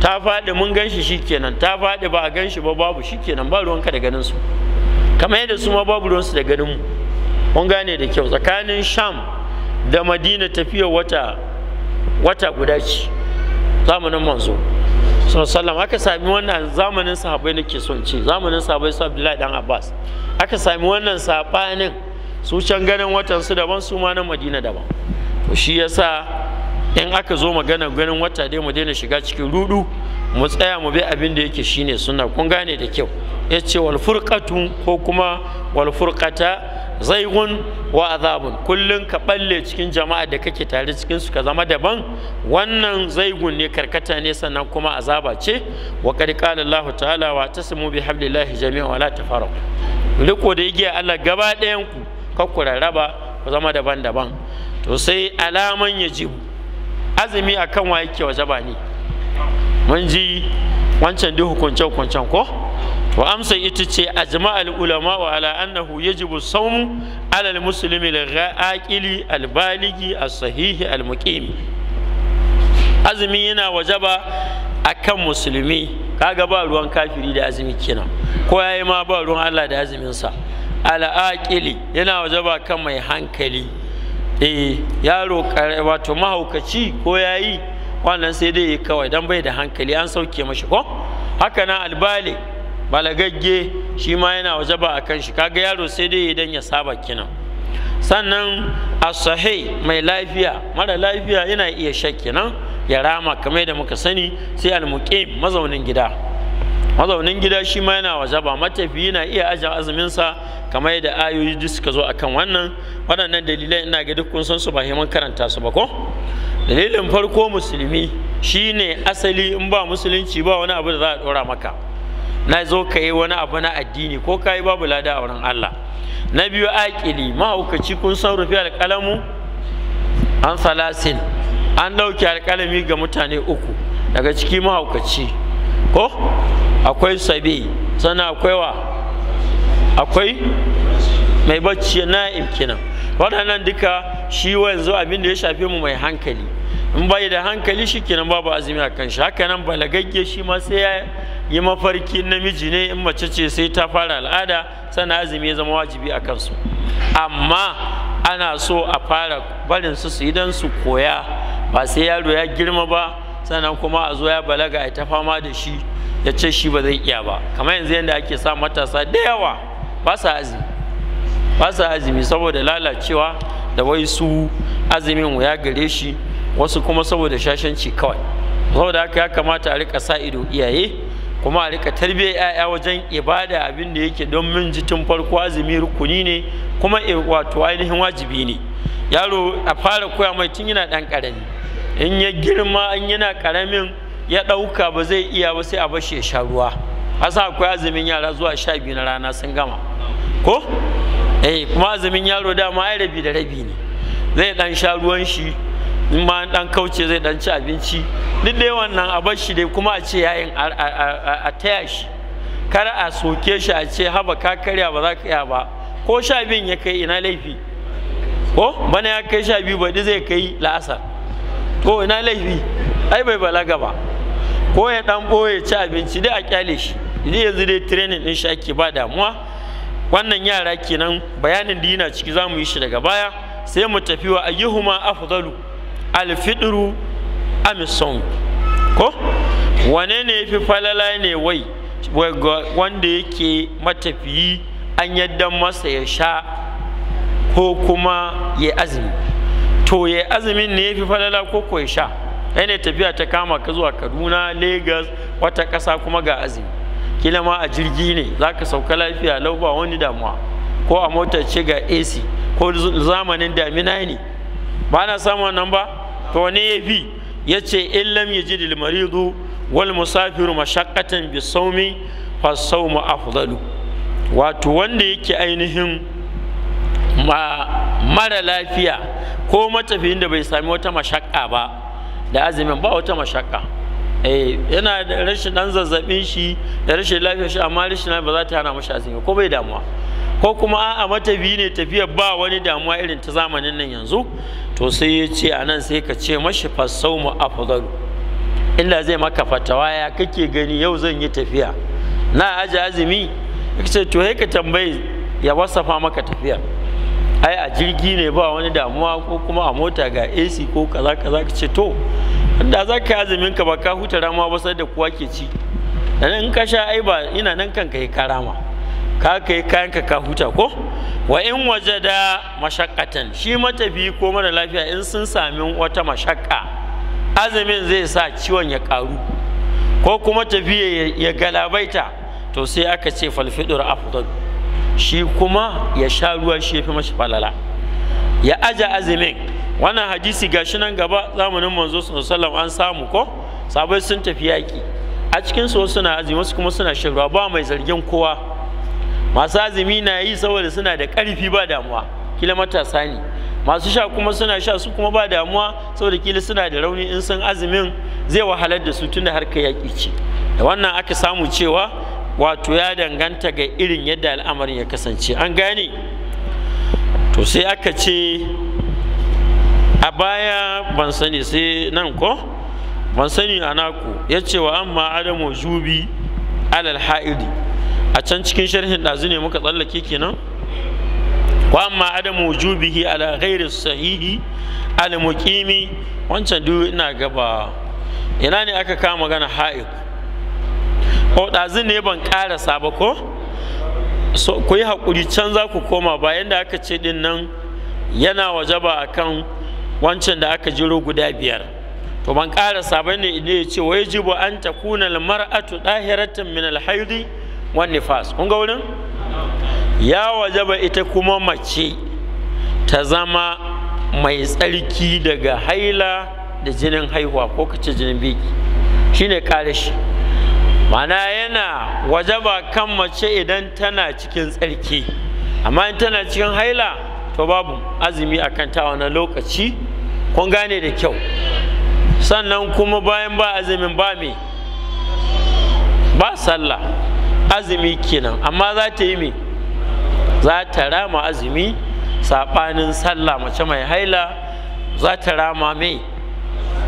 ta faɗi mun gan shi shikenan ta faɗi ba a gan shi ba babu shikenan ba ruwanka da ganin su kamar yadda su ma babu ruwansu da ganin mu kun gane da kyau tsakanin sham da madina tafiya wata wata guda ce zamanin manzo sallallahu aka sami wannan zamanin sahabbai nake son ce zamanin sahabbai su abdullahi dan abbas aka sami wannan sabanin su can ganin watan su daban su ma na madina daban to shi yasa in aka zo magana ganin wata dai mu daina shiga cikin rudu mu tsaya mu bi abin da yake shine sunna kun gane da kyau yace wal furqatu ko kuma wal furqata zaigun wa azabun kullum ka balle cikin jama'a da kake tare cikin su ka zama daban wannan zaigun ne karkata ne sannan kuma azaba ce wa qad qala Allahu ta'ala wa tasmu bi hablillahi jami'an wa la tafarraq riko da Allah gaba ɗayan ku ka raba ku zama daban-daban to sai alaman yaji azumi akan wa yake wajaba ne mun ji wancan duk hukunce-hukuncen ko wa amsa ita ce ajma'al ulama wa ala annahu yajibu sawmu ala al-muslimi al-aqili sahihi yana wajaba akan musulmi kaga ba ruwan kafiri da azumi kenan ko yayi ma ba ruwan Allah da azumin sa al-aqili yana wajaba kan mai hankali eh yaro wato mahaukaci ko yayi wannan sai dai kawai dan bai da hankali an sauke mashi ko haka nan albali balagagge shi ma yana waje ba a kan shi kaga yaro sai dai idan ya saba kinan sannan asahai mai lafiya mara lafiya yana iya sha nan ya rama kamar da muka sani sai almuqim mazaunin gida mazaunin gida shi ma yana wajaba matafiyi na iya ajiye azuminsa kamar da ayoyi duk suka zo akan wannan waɗannan dalilai ina ga duk kun su ba himan karanta su ba ko dalilin farko musulmi shine asali in ba musulunci ba wani abu da za a ɗora maka na zo ka yi wani abu na addini ko ka yi babu lada a wurin Allah na biyu aƙili mahaukaci kun san rufe alƙalamu an salasin an ɗauke alƙalami ga mutane uku daga ciki mahaukaci ko akwai sabi sannan akwai wa akwai mai bacci na imkina waɗannan duka shi wa yanzu abin da ya shafe mu mai hankali in bai da hankali shi kenan babu azumi a kan shi haka nan balagagge shi ma sai ya yi mafarki namiji ne in mace ce sai ta fara al'ada sana azumi ya zama wajibi a kansu amma ana so a fara barin su su idan su koya ba sai yaro ya girma ba sannan kuma a zo ya balaga ya ta fama da shi ya ce shi ba zai iya ba kamar yanzu yadda ake sa matasa da yawa ba sa azumi ba sa azumi saboda lalacewa da wai su azumin ya gare shi wasu kuma saboda shashanci kawai saboda haka ya kamata a rika sa ido iyaye kuma a rika tarbiyyar 'ya'ya wajen ibada abin da yake don min jitin farko azumi rukuni ne kuma e, wato ainihin wajibi ne yaro a fara koya mai tun yana ɗan ƙarami in ya girma in yana karamin ya ɗauka ba zai iya ba sai a bashi ya sha ruwa asa akwai azumin yara zuwa sha biyu na rana sun gama ko eh kuma azumin yaro dama ai rabi da rabi ne zai ɗan sha ruwan shi in ma dan kauce zai dan ci abinci duk dai wannan a bar shi dai kuma a ce yayin a taya shi kar a soke shi a ce haba ka karya ba za ka iya ba ko sha biyun ya kai ina laifi ko bana ya kai sha biyu ba duk zai kai la'asar ko ina laifi ai bai balaga ba ko ya dan boye ci abinci dai a kyale shi idan yanzu dai training din shi ake ba damuwa wannan yara kenan bayanin dina ciki za mu yi shi daga baya sai mu tafi wa ayyuhuma afdalu alfiduru amison ko wane ne fi falala ne wai wanda yake matafiyi an yadda masa ya sha ko kuma ya azumi to ya azumin ne ya fi falala ko ko ya sha yana tafiya ta kama ka zuwa kaduna lagos wata ƙasa kuma ga azumi kila ma a jirgi ne za ka sauka lafiya lau ba wani damuwa ko a mota ce ga ac ko zamanin damina ne ba na samun wannan ba to ne ya fi ya ce illam ya ji dilmaridu wal musafiru mashakkatan bi saumi fa saumu afdalu wato wanda yake ainihin mara lafiya ko matafiyin da bai sami wata mashakka ba da azumin ba wata mashakka eh, yana da rashin dan zazzabin shi da rashin lafiyar shi amma rashin lafiya ba za ta hana mashi azumi ko bai damuwa ko kuma a'a matafi ne tafiyar ba wani damuwa irin ta zamanin nan yanzu to sai ya ce a nan sai ka ce mashi fasaumu afdalu illa zai maka fatawa ya kake gani yau zan yi tafiya na aji azumi ce to sai ka tambayi ya wasafa maka tafiya ai a jirgi ne ba wani damuwa ko kuma a mota ga AC ko kaza kaza ka ce to da za ka yi azumin ka ba ka huta rama ba sai da kowa ke ci dan in ka sha ai ba ina nan kanka yi karama ka kai kayanka ka huta ko wa in waje da mashakatan shi matafi ko mara lafiya in sun sami wata mashakka azumin zai sa ciwon ya karu ko kuma tafiya ya galabaita to sai aka ce falfidur afdal shi kuma ya sha ruwa shi fi mashi falala ya aja azumin wannan hadisi gashi nan gaba zamanin manzo sallallahu an samu ko sabai sun tafi yaki a cikin su suna azumi wasu kuma suna shan ba mai zargin kowa masu azumi na yi saboda suna da ƙarfi ba damuwa kila matasa ne masu sha kuma suna sha su kuma ba damuwa saboda kila suna da rauni in sun azumin zai wahalar da su tunda harka yaƙi ce da wannan aka samu cewa wato ya danganta ga irin yadda al'amarin ya kasance an gane to sai aka ce a baya ban sani sai nan ko ban sani a naku ya ce wa amma adamu Zubi, alal ha'idi a can cikin sharhin ɗazu ne muka tsallake kenan wa amma adamu wujubihi ala ghairi sahihi al muqimi wancan duk ina gaba ina ne aka kama magana ha'ib ko ɗazu ne ban ƙarasa ba ko so ku yi hakuri can za ku koma bayan da aka ce dinnan nan yana wajaba akan wancan da aka jiro guda biyar to ban ƙara ba ne ya ce wa an takuna al mar'atu dahiratan min al wan nifas kun ga wurin ya wajaba ita kuma mace ta zama mai tsarki daga haila da jinin haihuwa ko kace jinin biki shine kare mana yana wajaba kan mace idan tana cikin tsarki amma in tana cikin haila to babu azumi akan ta wannan lokaci kun gane da kyau sannan kuma bayan ba azumin ba me ba sallah azumi kenan amma za ta yi me za ta rama azumi saɓanin sallah mace mai haila za ta rama mai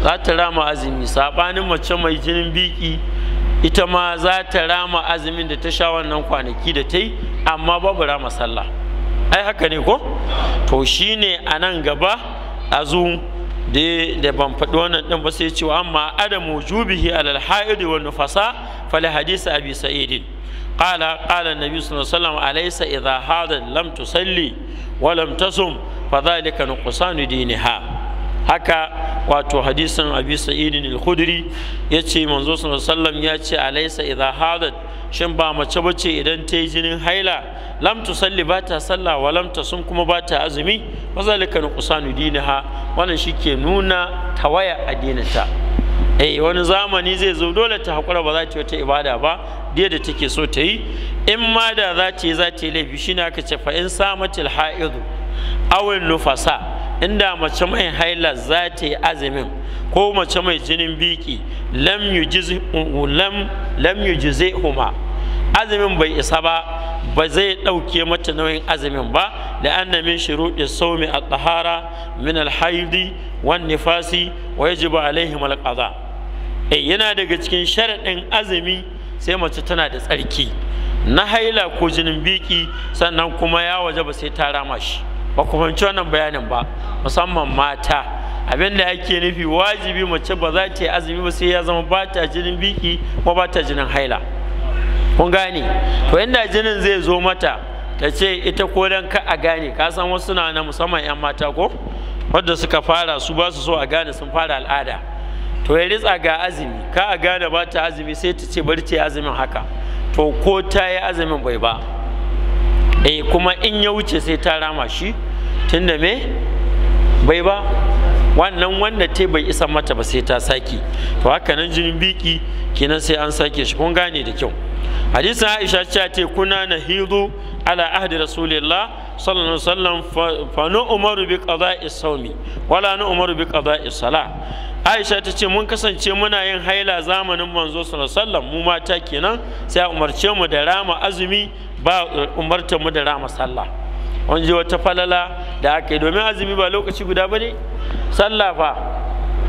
za ta rama azumi saɓanin mace mai jinin biki ita ma za ta rama azumin da ta sha wannan kwanaki da ta yi amma babu rama sallah ai haka ne ko to shi ne a nan gaba a zo da ban faɗi wannan ɗin ba sai cewa amma adamu jubihi alal ha'idi wa nufasa fal hadisi abi sa'idin قال قال النبي صلى الله عليه وسلم أليس إذا هذا لم تصلي ولم تصم فذلك نقصان دينها haka wato hadisin abi sa'idin al-khudri yace manzo sallallahu alaihi wasallam yace alaysa idha hadat shin ba mace bace idan ta yi jinin haila lam tusalli ba ta sallah wa lam tasum kuma ba ta azumi fa zalika nuqsanu dinaha wannan shike nuna tawaya ta. eh wani zamani zai zo dole ta hakura ba za ta yi wata ibada ba dai da take so ta yi in ma da za ta yi za ta yi laifi shine aka ce fa in samatil ha'idu awin nufasa inda mace mai haila za ta yi azumin ko mace mai jinin biki lam yujize huma azumin bai isa ba ba zai ɗauke mata nauyin azumin ba da anna min shuruɗi saumi a tahara min al-haidi wan nifasi wa yajibu alaihim al-qada eh yana daga cikin sharaɗin azumi sai mace tana da tsarki na haila ko jinin biki sannan kuma ya waje ba sai ta rama shi ba ku fahimci wannan bayanin ba musamman mata abin da yake nufi wajibi mace ba za ta yi azumi ba sai ya zama ba ta jinin biki ko ba ta jinin haila kun gane to inda jinin zai zo mata ta ce ita ko dan ka a gane ka san wasu na na musamman 'yan mata ko wadda suka fara su ba su so a gane sun fara al'ada to ya ritsa ga azumi ka a gane ba ta azumi sai ta ce bari ce azumin haka to ko ta yi azumin bai ba eh kuma in ya wuce sai ta rama shi tunda me bai ba wannan wanda ta bai isa mata ba sai ta sake to haka nan jinin biki kenan sai an sake shi kun gane da kyau hadisin Aisha ta ce kuna nahidu ala ahdi rasulillah sallallahu alaihi wasallam fa nu umaru bi qada'i sawmi wala nu umaru bi qada'i salah aisha ta ce mun kasance muna yin haila zamanin manzo sallallahu mu mata kenan sai a umarce mu da rama azumi ba eh, umarta mu da rama sallah wani ji wata falala da aka yi domin azumi ba lokaci guda ba ne sallah fa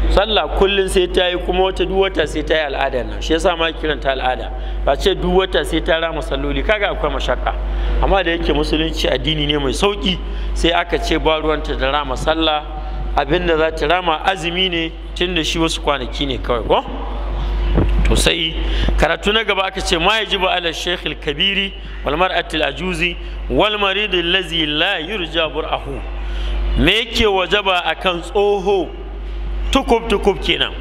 sallah kullum sai ta yi kuma wata duk wata sai ta yi al'ada nan shi yasa ma kiran ta al'ada ba ce duk wata sai ta rama salloli kaga akwai mashaka amma da yake musulunci addini ne mai sauki sai aka ce ba ruwanta da rama sallah abin da za ta rama azumi ne tun da shi wasu kwanaki ne kawai ko to sai karatu na gaba aka ce ma yajibu ala shaykh kabiri wal mar'ati ajuzi wal marid allazi la yurja bur'ahu me yake wajaba kan tsoho tukub tukub kenan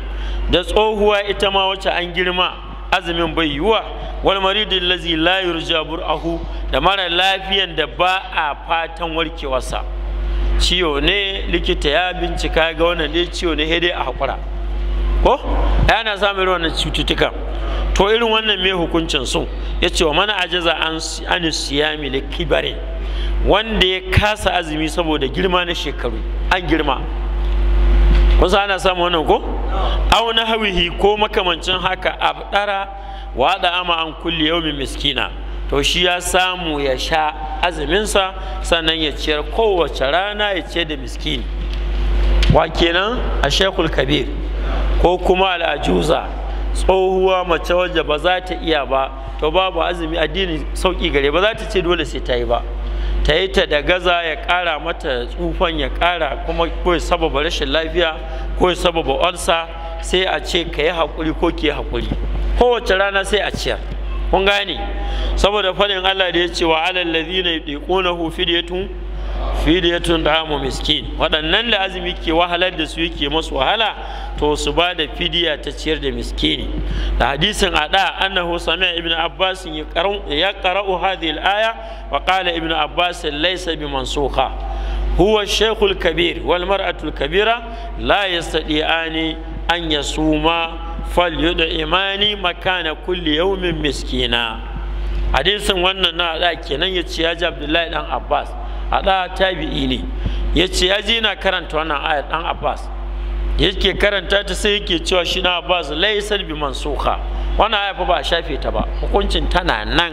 da tsohuwa ita ma wacce an girma azumin bai yiwa wal marid allazi la yurja bur'ahu da mara lafiyan da ba a fatan warkewarsa ciwo ne likita ya bincika ga wannan ne ciwo ne sai dai a hakura ko yana samun irin wannan cututtukan to irin wannan me hukuncin su ya ce wa mana ajaza an siyami da kibare wanda ya kasa azumi saboda girma na shekaru an girma kun ana samun wannan ko au na hawihi ko makamancin haka abdara wa da ama an kulli yaumin miskina to shi ya samu ya sha azuminsa sannan ya ciyar kowace rana ya ciyar da miskini wa kenan a shekul kabir ko kuma al'ajuza tsohuwa mace wajen ba za ta iya ba to babu azumi addini sauƙi gare ba za ta ce dole sai ta yi ba ta yi ta da gaza ya ƙara mata tsufan ya ƙara kuma ko ya sababa rashin lafiya ko ya sababa olsa sai a ce ka yi haƙuri ko ke yi haƙuri kowace rana sai a ciyar kun gane saboda faɗin Allah da ya ce wa alal ladina yuqunahu fidyatun fidyatun ta'amu miskin waɗannan da azumi ke wahalar da su yake masu wahala to su ba da fidiya ta ciyar da miskini da hadisin ada annahu sami'a ibnu abbas ya qara'u hadhihi al-aya wa qala ibnu abbas laysa bi mansukha huwa ash kabir wal mar'atu kabira la yastati'ani an yasuma imani makana kulli yawmin miskina hadisin wannan na da kenan yace ya ji Abdullahi dan Abbas a da tabi'i ne yace ya ji na karanta wannan ayat dan Abbas yake karanta ta sai yake cewa shi na Abbas laysal bi mansukha wannan ayat ba shafe ta ba hukuncin tana nan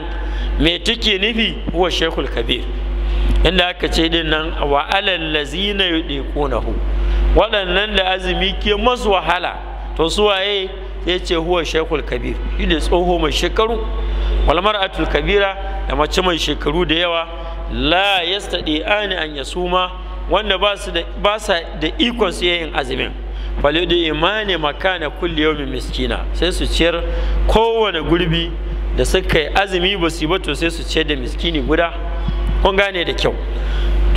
me take nufi huwa shaykhul kabir inda aka ce din nan wa alal lazina nahu. waɗannan da azumi ke masu wahala to su waye ya ce huwa shekul kabir shi ne tsoho mai shekaru walmar atul kabira da mace mai shekaru da yawa la yastadi ani an suma, wanda ba sa da ikon su yin azumin falidu imani makana kulli yawmin miskina sai su ciyar kowane gurbi da suka yi azumi ba su ba to sai su ciyar da miskini guda kun gane da kyau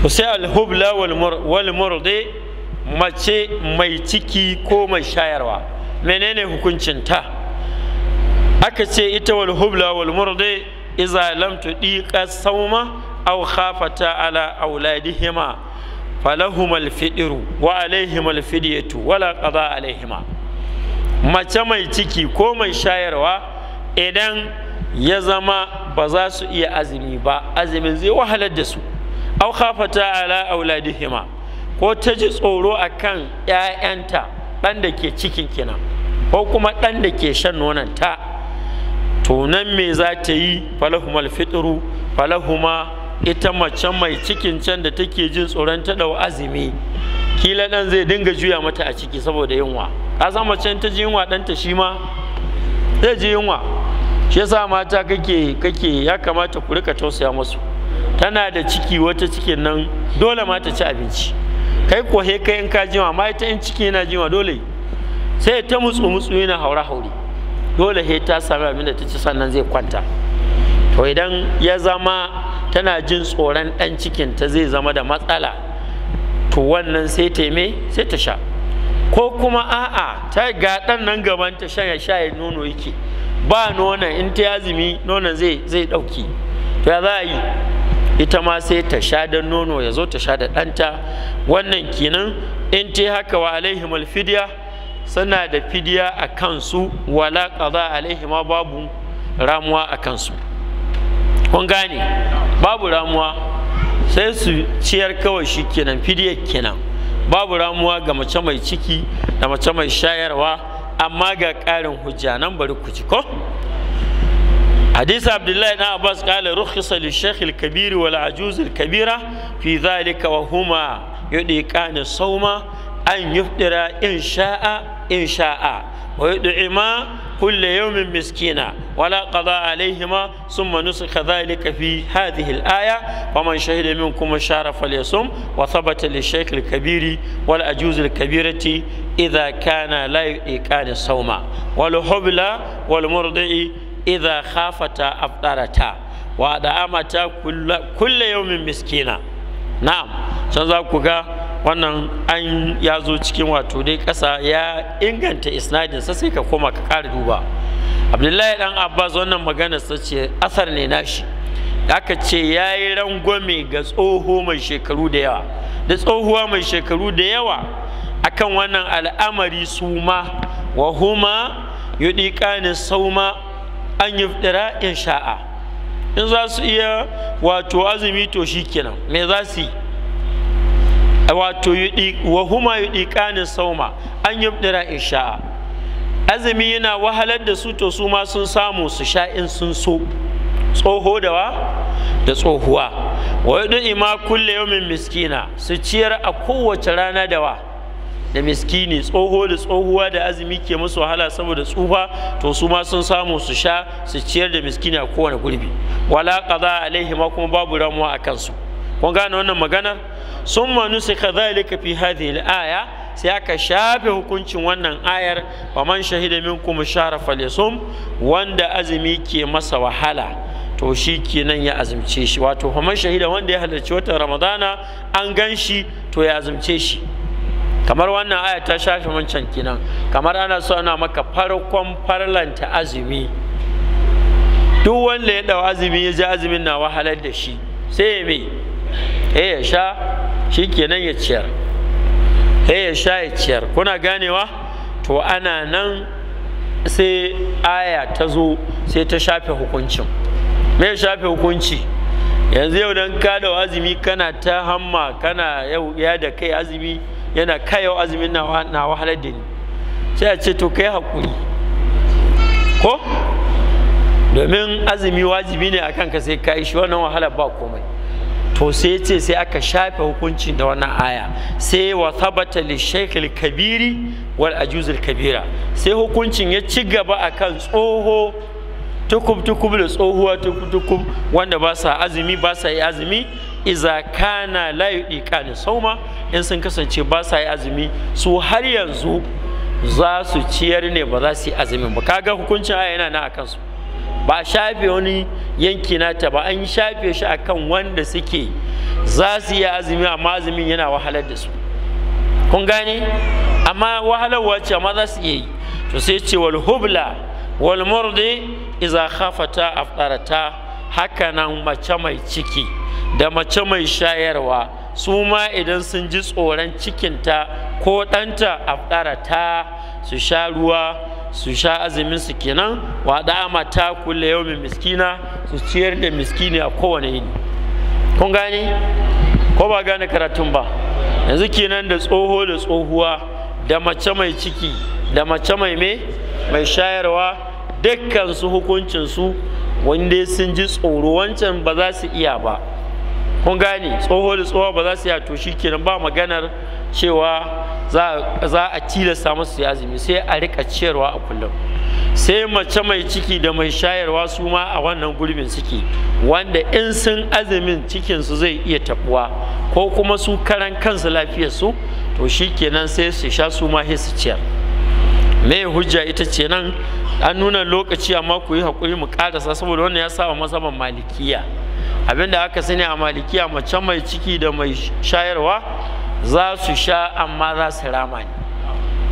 to sai alhubla wal murdi mace mai ciki ko mai shayarwa menene hukuncin ta? aka ce ita wal hubla wal murdi iza lam tudiqa sawma aw khafata ala auladihima falahuma al fidru wa alaihima al fidyatu wala qada alaihima mace mai ciki ko mai shayarwa idan ya zama ba za su iya azumi ba azumin zai wahalar da su aw khafata ala auladihima ko ta ji tsoro a kan ‘ya'yanta ɗan da ke cikin kina ko kuma ɗan da ke shan nonan ta tunan me za ta yi falahumar fitru falahuma ita macen mai cikin can da take jin tsoron ta ɗau azumi kila ɗan zai dinga juya mata a ciki saboda yunwa ka san macen ta ji yunwa ɗanta shi ma zai ji yunwa shi yasa mata kake kake ya kamata ku rika tausaya musu tana da ciki wata cikin nan dole ma ta ci abinci kai ko he kai in ka jima ma ita in ciki yana jima dole sai ta mutsu mutsu yana haura hauri dole he ta sami abin da ta ci sannan zai kwanta to idan ya zama tana jin tsoron ɗan cikin ta zai zama da matsala to wannan sai ta me sai ta sha ko kuma a'a ta ga ɗan nan gaban ta shan shaye nono yake ba nonon in ta yazimi nonon zai zai ɗauki to ya za yi ita ma sai ta sha da nono ya zo ta sha da ɗanta wannan kenan in ta haka wa alaihim alfidiya suna da fidiya a kansu wala ƙaza alaihima babu ramuwa a kansu kun gane babu ramuwa sai su ciyar kawai shi kenan fidiya kenan babu ramuwa ga mace mai ciki da mace mai shayarwa amma ga ƙarin hujja nan bari ku ci ko حديث عبد الله بن عباس قال رخص للشيخ الكبير والعجوز الكبيرة في ذلك وهما يديكان الصوم أن يفطر إن شاء إن شاء ويدعما كل يوم مسكينا ولا قضاء عليهما ثم نسخ ذلك في هذه الآية ومن شهد منكم الشهر فليصم وثبت للشيخ الكبير والأجوز الكبيرة إذا كان لا يدركان الصوم والحبل والمرضع idza khafata afdarata wa da'amata kulla yawmin miskina na'am can za ku ga wannan an ya zo cikin wato dai ƙasa ya inganta isnadin sa sai ka koma ka ƙara duba abdullahi dan abbas wannan magana sa ce asar ne nashi aka ce ya yi rangwame ga tsoho mai shekaru da yawa da tsohuwa mai shekaru da yawa akan wannan al'amari su ma wa huma yuɗiƙanin sauma an yi yuftira in sha'a in za su iya wato azumi to kenan, me za su yi wato wa huma yudiqanin sauma an yi yuftira in sha'a azumi yana wahalar da su to su ma sun samu su sha in sun so tsoho da wa da tsohuwa wa yi ima kulle yawmin miskina su ciyar a kowace rana da wa da miskini tsoho da tsohuwa da azumi ke musu wahala saboda tsufa to su ma sun samu su sha su ciyar da miskini a kowane gurbi wala qada alaihi ma kuma babu ramuwa a kansu kun gane wannan magana sun manu su ka zalika fi hadhihi al-aya sai aka shafe hukuncin wannan ayar wa man shahida minkum shahra falyasum wanda azumi ke masa wahala to shi kenan ya azumce shi wato man shahida wanda ya halarci watan ramadana an gan shi to ya azumce shi kamar wannan aya ta shafe wancan kinan kamar ana so ana maka farkon farlanta azumi duk wanda ya dau azumi ya ji azumin na wahalar da shi sai ya mai eh ya sha shikenan ya ciyar eh ya sha ya ciyar kuna ganewa to ana nan sai aya ta zo sai ta shafe hukuncin me shafe hukunci yanzu yau dan ka dau azumi kana ta hamma kana yau ya da kai azumi yana kaiwa azumin na wahalar da ni sai a ce to kai hakuri ko domin azumi wajibi ne a kanka sai ka shi wannan wahalar ba komai to sai ce sai aka shafe hukuncin da wannan aya sai wa sabata li shaykhil kabiri wal ajuzil kabira sai hukuncin ya ci gaba akan tsoho tukub tukub da tsohuwa tukub tukub wanda ba sa azumi ba sa yi azumi iza kana la yuqani sauma in sun kasance ba sa yi azumi su har yanzu za su ciyar ne ba za su yi azumin ba kaga hukuncin aya yana na akan su ba shafe wani yanki nata ba an shafe shi akan wanda suke za su yi azumi amma azumin yana wahalar da su kun gane amma wahalar wacce amma za su yi to sai ce wal hubla wal murdi iza khafata aftarata haka nan mace mai ciki da mace mai shayarwa su ma idan sun ji tsoron cikinta ko ɗanta afɗara ta su sha ruwa su sha azumin su kenan wa da'ama ta kulle yau miskina su ciyar da miskini a kowane yini kun gane ko ba gane karatun ba yanzu kenan da tsoho da tsohuwa da mace mai ciki da mace mai me mai shayarwa dukkan su hukuncin su wanda sun ji tsoro wancan ba za su iya ba kun gani tsoho da tsoho ba za su yato shi kenan ba maganar cewa za a tilasta masu su azumi sai a rika ciyarwa a kullum sai mace mai ciki da mai shayarwa su ma a wannan gurbin suke wanda in sun azumin cikinsu zai iya tabuwa ko kuma su karan kansu lafiyarsu to shi kenan sai su sha su ma su ciyar me hujja ita ce nan an nuna lokaci amma ku yi haƙuri mu ƙarasa saboda wannan ya saba masaban malikiya abinda aka sani a malikiya mace mai ciki da mai shayarwa za su sha amma za su rama ne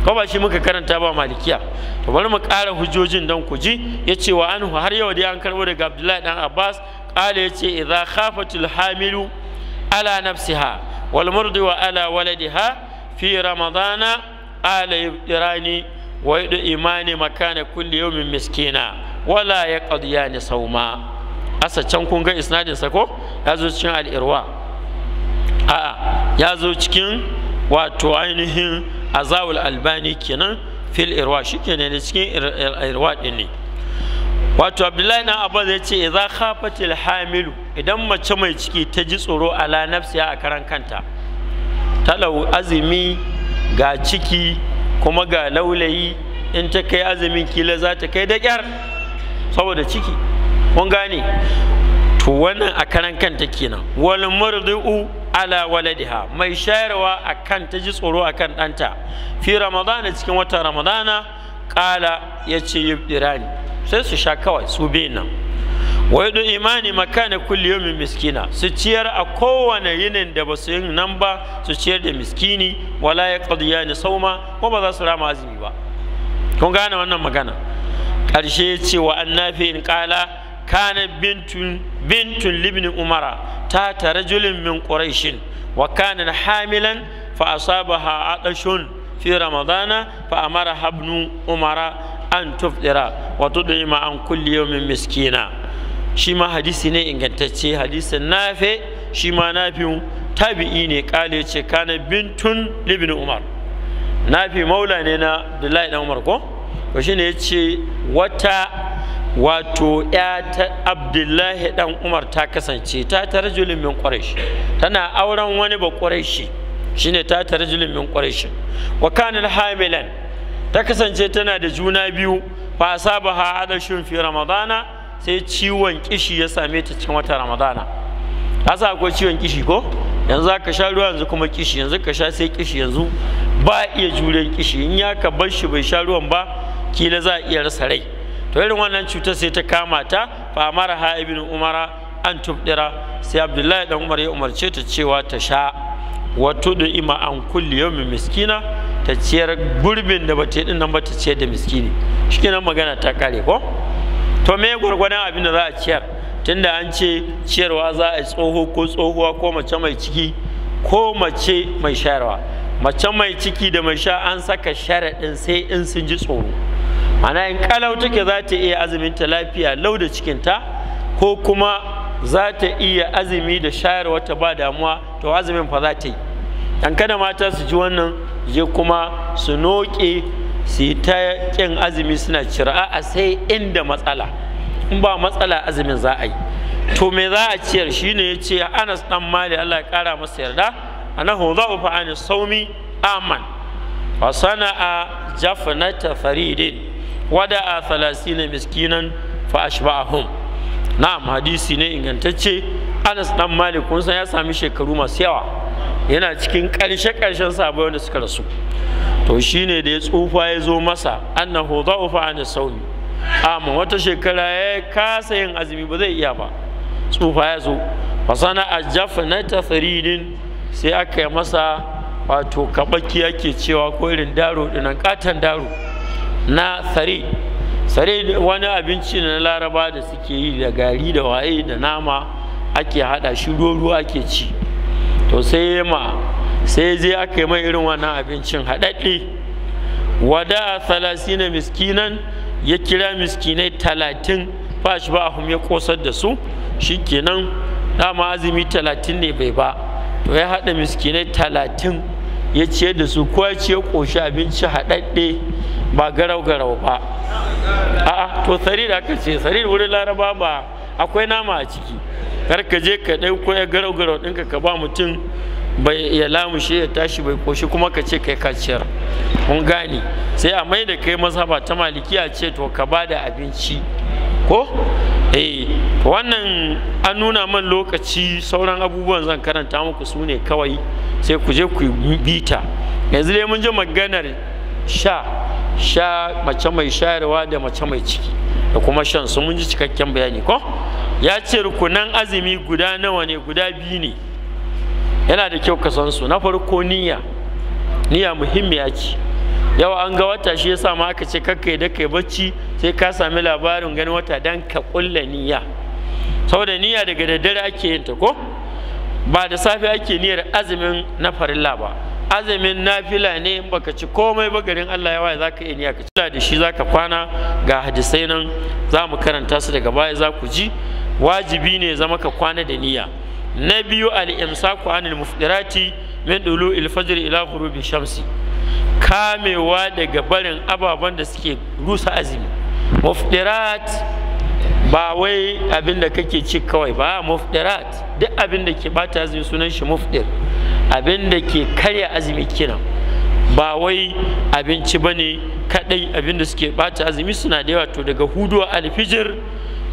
ko ba shi muka karanta ba malikiya to bari mu ƙara hujjojin don ku ji ya ce wa anhu har yau dai an karɓo daga abdullahi dan abbas ƙala ya ce idza khafatul hamilu ala nafsiha wal murdi wa ala waladiha fi ramadana ala yubdirani wa yudu imani makana kulli yawmin miskina wala yaqdiyani sawma asa can kun ga isnadin sa ko ya zo cikin al'irwa a'a ya zo cikin wato ainihin azawul albani kenan fil irwa shikenan ne cikin irwa din ne wato abdullahi na abu zai ce idza khafatil hamilu idan mace mai ciki ta ji tsoro ala nafsiya a karan kanta talau azumi ga ciki kuma ga laulayi in ta kai azumin kila za ta kai da kyar saboda ciki kun gane to wannan a karan kanta kenan wal murdi'u ala waladiha mai shayarwa akan ta ji tsoro akan ɗanta fi ramadana cikin watan ramadana ƙala ya ce yubdirani sai su sha kawai su bi nan wai yadu imani makana kulli yawmin miskina su ciyar a kowane yinin da basu yin nan ba su ciyar da miskini wala ya qadiyani sauma ko ba za su rama azumi ba kun gane wannan magana ƙarshe ya ce wa annafi in ƙala kana bintun bintun libn umara ta tarajulin min quraishin wa kana hamilan fa asabaha adashun fi ramadana fa amara habnu umara an tufdira wa tudima an kulli yawmin miskina shi ma hadisi ne ingantacce hadisin nafe shi ma nafi'u tabi'i ne kale yace kana bintun libn umar nafi maula ne na abdullahi dan umar ko to shine yace wata wato ya ta abdullahi dan umar ta kasance ta ta rajulin min quraish tana auren wani ba quraishi shine ta ta rajulin min quraish wa kana hamilan ta kasance tana da juna biyu fa asabaha adashun fi ramadana sai ciwon kishi ya same ta cikin wata ramadana asa ko ciwon kishi ko yanzu ka sha ruwa yanzu kuma kishi yanzu ka sha sai kishi yanzu ba iya jure kishi in ya ka bar shi bai sha ruwan ba kila za a iya rasa rai to irin wannan cutar sai ta kama ta fa mara ha ibn umara an tubdira sai abdullahi dan umar ya umarce ta cewa ta sha wa ima an kulli yawmin miskina ta ciyar gurbin da bata din nan ba ta ciyar da miskini shikenan magana ta kare ko to me gurgwana abin da za a ciyar tunda an ce ciyarwa za a tsoho ko tsohuwa ko mace mai ciki ko mace mai shayarwa mace mai ciki da mai sha an saka sharaɗin sai in sun ji tsoro ana in kalau take za ta iya azumin ta lafiya lau da cikin ta ko kuma za ta iya azumi da shayarwa ta ba damuwa to azumin fa za ta yi dan kada mata su ji wannan je kuma su noke su yi ta kin azumi suna cira a sai inda matsala in ba matsala azumin za a yi to me za a ciyar shine ya ce anas dan mali allah ya kara masa yarda anahu za'u fa an saumi aman wa sana'a jafnata faridin wada salasi thalathina miskinan fa hom. na'am hadisi ne ingantacce Anas dan Malik kun san ya sami shekaru masu yawa yana cikin ƙarshe karshen sabo wanda suka rasu to shine da ya tsufa ya zo masa annahu da'ufa an sawmi amma wata shekara ya kasa yin azumi ba zai iya ba tsufa ya zo fa sana'a jafnata tharidin sai aka yi masa wato kabaki yake cewa ko irin daro dinan katan daro na sare tsari wani abinci na laraba da suke yi da gari da waye da nama ake hada shi ruwa ake ci to sai ma sai zai aka yi mai irin wannan abincin haɗaɗɗe wada salasina miskinan ya kira miskinai talatin ba shi ba ya kosar da su shikenan dama azumi talatin ne bai ba to ya haɗa miskinai talatin ya ciyar da su ko ya ciyar ƙoshi abinci haɗaɗɗe ba garau-garau ba a'a to sarir aka ce sarir wurin laraba ba akwai nama a ciki kar ka je ka ɗai ko ya garau-garau ɗinka ka ba mutum bai ya lamushe ya tashi bai koshi kuma ka ce kai ka ciyar mun gane sai a mai da kai ba ta malikiya ce to ka ba da abinci ko eh wannan an nuna man lokaci sauran abubuwan zan karanta muku su ne kawai sai ku je ku bita yanzu dai mun ji maganar sha sha mace mai shayarwa da mace mai ciki da kuma shan su mun ji cikakken bayani ko ya ce rukunan azumi guda nawa ne guda biyu ne yana da kyau ka san su na farko niyya niyya muhimmiya ce yau an ga wata shi yasa ma aka ce kakkai da kai bacci sai ka sami labarin ganin wata dan ka kulla niyya saboda niyya daga daddare ake yin ta ko ba da safe ake niyyar azumin na farilla ba azumin nafila ne in baka ci komai ba garin Allah ya waye zaka iya niyya ka ci da shi zaka kwana ga hadisai nan za mu karanta su daga baya za ku ji wajibi ne zama ka kwana da niyya na biyu al-imsaku anil mufdirati min dulu al fajr ila ghurubi shamsi kamewa daga barin ababen da suke rusa azumi mufdirat ba wai abin da kake ci kawai ba mufdirat duk abin da ke bata azumi sunan shi mufdir abin da ke karya azumi kiran ba wai abinci bane kaɗai abin da suke bata azumi suna da yawa to daga huduwa alfijir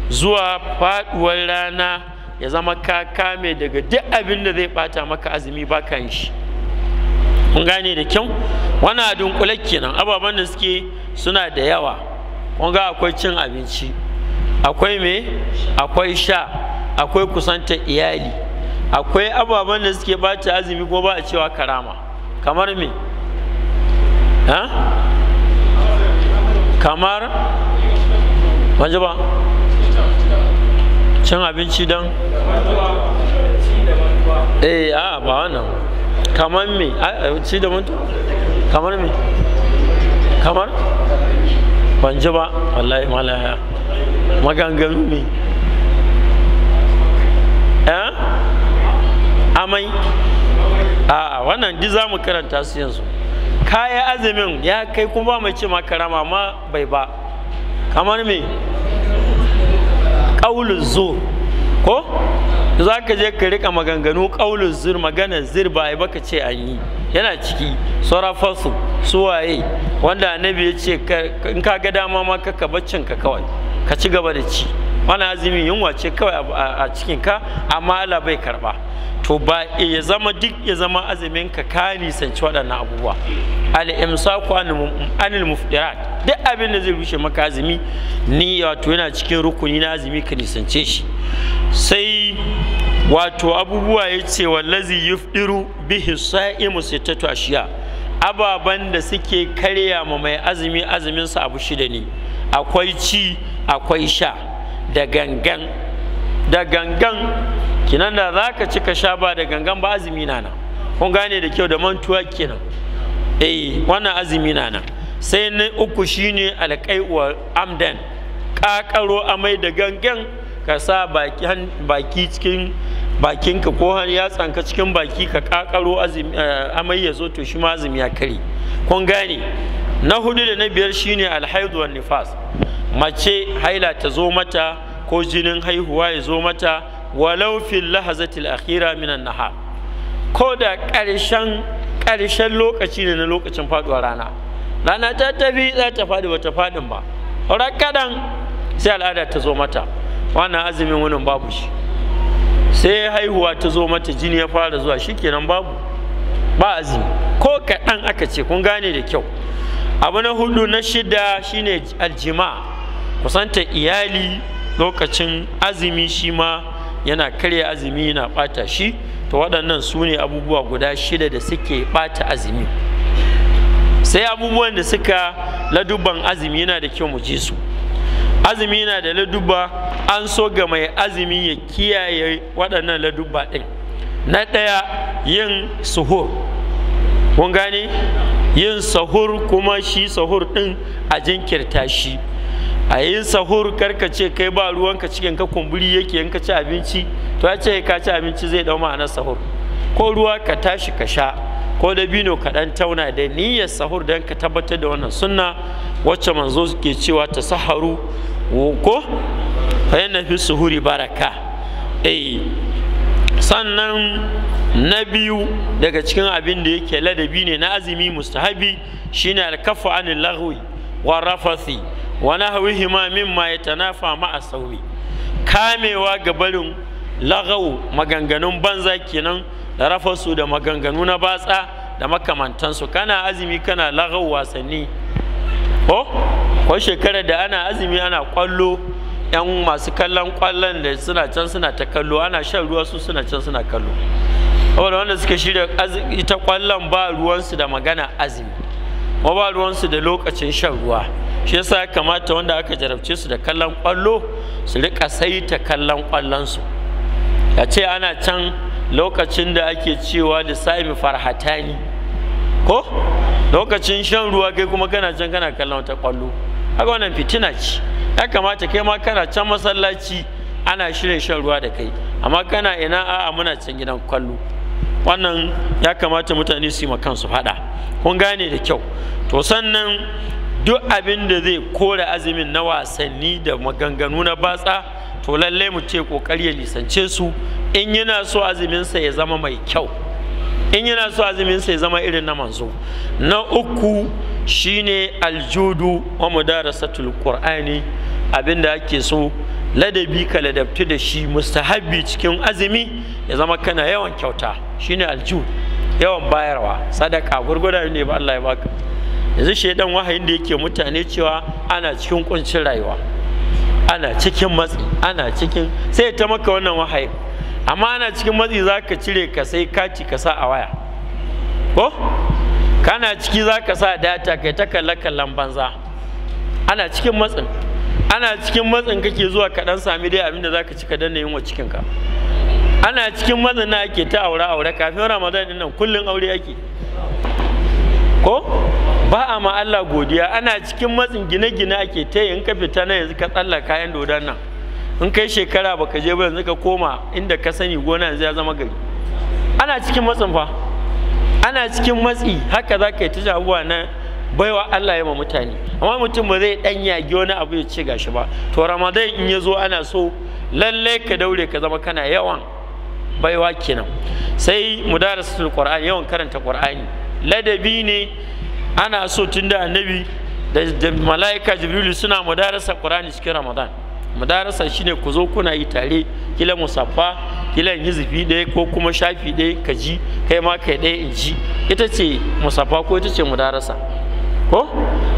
zuwa faɗuwar rana ya zama ka kame daga duk abin da zai bata maka azumi ba kan shi kun gane da kyau wannan dunkule kenan ababen da suke suna da yawa kun ga akwai cin abinci akwai me akwai sha akwai kusantar iyali akwai ababen da suke bata azumi ko ba a cewa karama kamar me ha kamar wanzu ba cin abinci don eh a ba wannan kamar me ah, eh, ci da mutu kamar me kamar ban ji ba wallahi malaya maganganu ne eh amai a wannan ji za mu karanta su yanzu kaya azumin ya kai kuma ba mai ce makarama ma bai ba kamar me ƙaulun zo ko za ka je ka rika maganganu ƙaulun zir magana zir ba ai baka ce an yi yana ciki sarafasu suwaye wanda annabi ya ce in ka ga dama ma ka ka baccin ka kawai ka ci gaba da ci wani azumin yunwa ce kawai a cikin ka amma Allah bai karba to ba eh, ya zama duk ya zama azumin ka ka nisanci waɗannan abubuwa al imsaku anil mufdirat duk abin da zai rushe maka azumi ni wato yana cikin rukuni na azumi ka nisance shi sai wato abubuwa ya ce wallazi yufdiru bihi sa'imu sittatu ashiya ababan da suke karya ma mai azumi azumin sa abu shida ne akwai ci akwai sha da gangan da gangan kinan da za ka ci ka sha ba da gangan ba azumi na nan kun gane da kyau da mantuwa kenan eh wannan azumi na nan sai na uku shine alƙaiwa amdan ƙaƙaro amai da gangan ka sa baki cikin bakinka ko har tsanka cikin baki ka ƙaƙaro eh, amai ya zo to shi ma azumi ya kare kun gane na hudu da na biyar shine alhaidu wan nifas mace haila ta zo mata ko jinin haihuwa ya zo mata walau fil lahazatil akhira minan nahar ko da ƙarshen ƙarshen lokaci ne na lokacin faduwar rana rana ta tafi za ta faɗi ba ta faɗin ba rakadan sai al'ada ta zo mata wannan azumin wani babu shi sai haihuwa ta zo mata jini ya fara zuwa shikenan babu ba azumi ko kaɗan aka ce kun gane da kyau abu na hudu na shida shine aljima kusanta iyali lokacin azumi shi ma yana karya azumi yana bata shi to waɗannan su ne abubuwa guda shida da suke ɓata azumi sai abubuwan da suka laduban azumi yana da kyau mu ji su azumi yana da laduba an so ga mai azumi ya kiyaye waɗannan laduba ɗin na ɗaya yin suhur kun gane yin sahur kuma shi sahur ɗin a jinkirta shi a yin sahur karka ce kai ba ruwanka cikin ka kumburi yake in ci abinci to ya ce ka ci abinci zai dau ma'anar sahur ko ruwa ka tashi ka sha ko dabino ka dan tauna da niyyar sahur dan ka tabbatar da wannan sunna wacce manzo ke cewa ta saharu ko fa na fi suhuri baraka eh sannan na biyu daga cikin abin da yake ladabi ne na azumi mustahabi shine alkafu anil lagwi warrafasi wa ma mimma fama a sauri? kamewa ga barin lagawu maganganun banza kenan da rafasu da maganganu na batsa da makamantansu kana azumi kana lagau wasanni ko ko shekarar da ana azumi ana kwallo yan masu kallon kwallon da suna can suna ta kallo ana shan ruwa su suna can suna kallo wanda suka shirya ita kwallon ba ruwansu da magana azumi kuma ba ruwansu da lokacin shan ruwa shi yasa ya kamata wanda aka jarabce su da kallon kwallo su rika saita kallon kwallonsu ya ce ana can lokacin da ake cewa lissami farhatani ko lokacin shan ruwa kai kuma kana can kana kallon wata kwallo haka wannan fitina ce ya kamata kai ma kana can masallaci ana shirin shan ruwa da kai amma kana ina a'a muna can gidan kwallo wannan ya kamata mutane su yi kansu faɗa kun gane da kyau to sannan duk abin da zai kore azumin na wasanni da maganganu na batsa to lallai mu ce kokari ya lisance su in yana so azuminsa ya zama mai kyau in yana so azuminsa ya zama irin na manzo na uku shine aljudu wa mudarasatul qur'ani abinda ake so ladabi ka ladabtu da shi mustahabbi cikin azumi ya zama kana yawan kyauta shine alju yawan bayarwa sadaka gurgurda ne ba Allah ya baka yanzu shaidan wahayin da yake mutane cewa ana cikin kuncin rayuwa ana cikin matsi ana cikin sai ta maka wannan wahayin amma ana cikin matsi zaka cire ka sai kati ka sa a waya ko kana ciki zaka sa data kai ta kalla kallon banza ana cikin matsin ana cikin matsin kake zuwa ka dan sami dai abinda zaka ci ka danna yunwa cikin ka ana cikin matsin na ake ta aure aure kafin ramadan din nan kullun aure yake ko ba a ma Allah godiya ana cikin matsin gine-gine ake ta yin ka fita na yanzu ka tsalla kayan dodan nan in kai shekara baka je ba yanzu ka koma inda ka sani gona yanzu ya zama gari ana cikin matsin fa ana cikin matsi haka za ka yi ta abubuwa na baiwa Allah ya ma mutane amma mutum ba zai dan yage wani abu ya ce gashi ba to ramadan in ya zo ana so lalle ka daure ka zama kana yawan baiwa kenan sai mudarasatul qur'an yawan karanta qur'ani ladabi ne ana so tunda annabi da mala'ika jibrilu suna darasa qur'ani cikin ramadan darasa shine ku zo kuna yi tare kila musaffa kila hizbi ɗaya ko kuma shafi ɗaya ka ji kai ma kai ɗaya in ji ita ce musaffa ko ita ce darasa. ko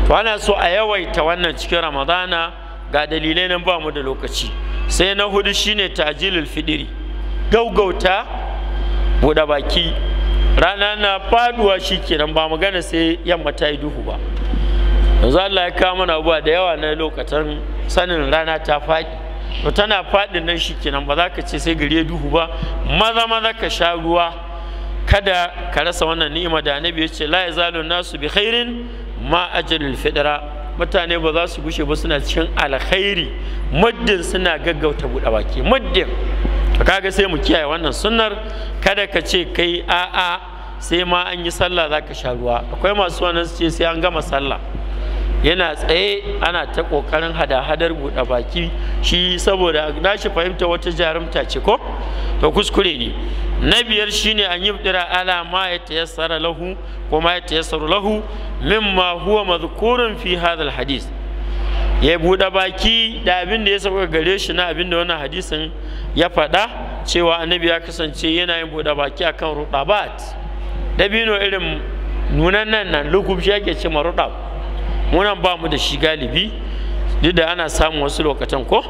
to ana so a yawaita wannan cikin ramadana ga dalilai nan ba mu da lokaci sai na hudu shine tajilul fidiri gaugauta buɗe baki rana na faduwa shi kenan ba magana sai yamma ta yi duhu ba yanzu Allah ya kawo mana abuwa da yawa na lokacin sanin rana ta faɗi to tana faɗin nan shi kenan ba za ka ce sai gari ya duhu ba maza maza ka sha ruwa kada ka rasa wannan ni'ima da annabi ya ce la yazalu nasu bi khairin ma ajalul fidra mutane ba za su gushe ba suna cikin alkhairi muddin suna gaggauta buɗe baki muddin to kaga sai mu kiyaye wannan sunnar kada ka ce kai a'a sai ma an yi sallah za ka sha ruwa akwai masu wannan su ce sai an gama sallah yana tsaye ana ta ƙoƙarin hada-hadar buɗe baki shi saboda na shi fahimta wata jarumta ce ko to kuskure ne na biyar shine an yi dira ala ma ya tayassara lahu ko ma ya tayassaru lahu mimma huwa mazkurun fi hadal hadis ya buɗe baki da abin da ya saba gare shi na abin da wannan hadisin ya faɗa cewa annabi ya kasance yana yin buɗe baki akan rudabat dabino irin nunan nan nan lugub shi yake ce ma munan ba mu da shi galibi duk da ana samun wasu lokacin ko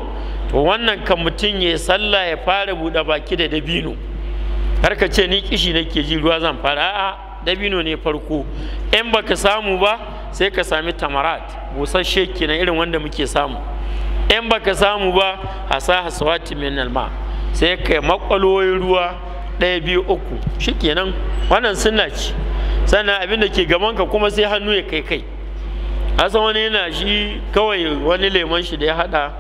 to wannan kan mutum ya sallah ya fara buɗe baki da dabino har ka ce ni kishi nake ji ruwa zan fara a'a dabino ne farko in baka samu ba sai ka sami tamarat busasshe kenan irin wanda muke samu in baka samu ba a sa hasawati min alma sai ka makwaloyin ruwa ɗaya biyu uku shikenan wannan sunna ce sannan abin da ke gaban ka kuma sai hannu ya kai kai asan wani yana shi kawai wani lemon shi da ya hada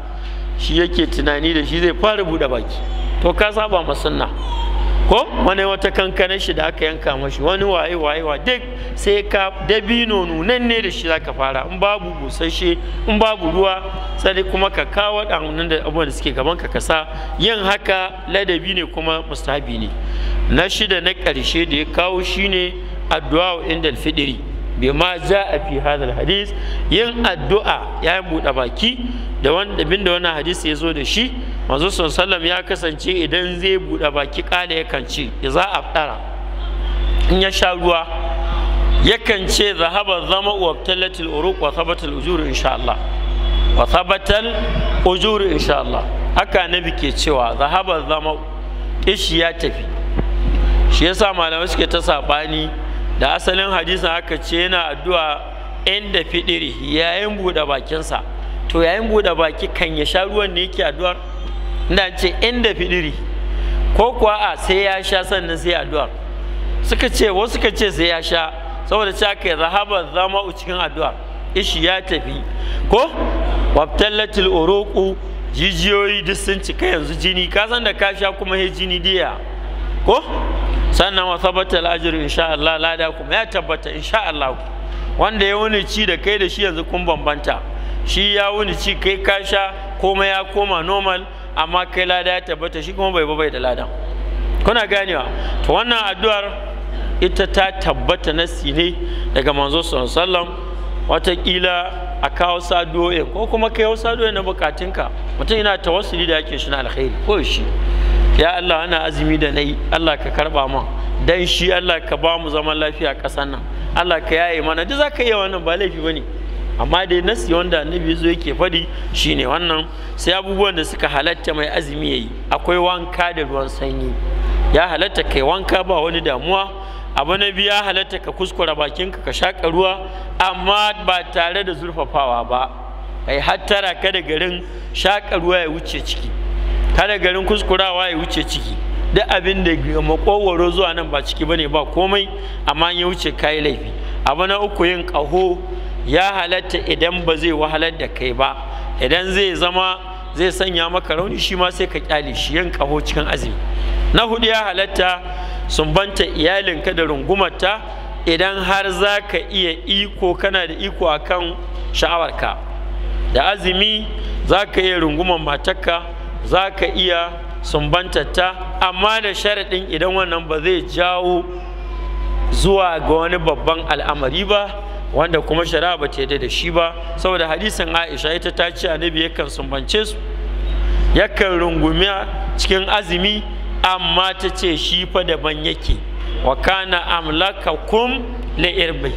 shi yake tunani da shi zai fara bude baki to ka saba ma sunna ko wani wata kankanar shi da aka yanka mashi wani waye waye wa duk sai ka dabino nunan ne da shi zaka fara in babu busasshe in babu ruwa sai kuma ka kawo ɗanunan da abubuwan da suke gaban ka kasa yin haka ladabi ne kuma mustahabi ne na shida na ƙarshe da ya kawo shine addu'a inda fidiri bima a fi hadal hadis yin addu'a ya buɗe baki da wanda binda wannan hadisi ya zo da shi manzo sallam ya kasance idan zai buɗe baki kala yakan Ya za a ɗara. in ya sha ruwa yakan ce zahaba zama wa talatil uruq wa thabatal ujur insha Allah wa thabatal ujur insha Allah haka nabi ke cewa zahaba zama ishi ya tafi shi yasa malamai suke ta sabani da asalin hadisin aka ce yana addu'a inda fidiri yayin buɗe bakinsa to yayin buɗe baki kan ya sha ruwan ne yake addu'ar ina ce inda fidiri ko kuwa a sai ya sha sannan sai addu'ar suka ce wasu suka ce sai ya sha saboda cewa kai zahaba zama cikin addu'a ishi ya tafi ko wabtallatil uruqu jijiyoyi duk sun cika yanzu jini ka san da ka sha kuma he jini diya ko sannan wa sabata al-ajr insha Allah lada kuma ya tabbata insha Allah wanda ya wuni ci da kai da shi yanzu kun bambanta shi ya wuni ci kai ka sha komai ya koma normal amma kai lada ya tabbata shi kuma bai bai da ladan kuna ganewa to wannan addu'ar ita ta tabbata na ne daga manzo sallallahu watakila a kawo saduwoyin ko kuma kai na bukatunka mutum yana tawassuli da yake shi na alkhairi ko ya Allah ana azumi da nayi Allah ka karba man dan shi Allah ka ba mu zaman lafiya kasan nan Allah ka yaye mana duk zaka iya wannan ba laifi bane amma dai nasi wanda annabi zo yake faɗi shine wannan sai abubuwan da suka halatta mai azumi yayi akwai wanka da ruwan sanyi ya halatta kai wanka ba wani damuwa abu na biya halatta ka kuskura bakinka ka shaka ruwa amma ba tare da zurfafawa ba kai hattara ka da garin shaka ruwa ya wuce ciki kada garin kuskurawa ya wuce ciki duk abin da makogwaro zuwa nan ba ciki bane ba komai amma ya wuce kayi laifi abu na uku yin ƙaho ya halatta idan ba zai wahalar da kai ba idan zai zama zai sanya maka rauni shi ma sai ka kyale shi yin ƙaho cikin azumi na hudu ya halatta sumbanta iyalinka da rungumarta idan har za ka iya iko kana da iko akan sha'awarka da azumi za ka iya runguman matarka za ka iya sumbantatta amma da sharaɗin idan wannan ba zai jawo zuwa ga wani babban al'amari ba wanda kuma shara ba ta da shi ba saboda hadisin aisha ita ta ce annabi yakan sumbance su yakan rungumi cikin azumi amma ta ce shi fa daban yake wa kana amlakakum li irbi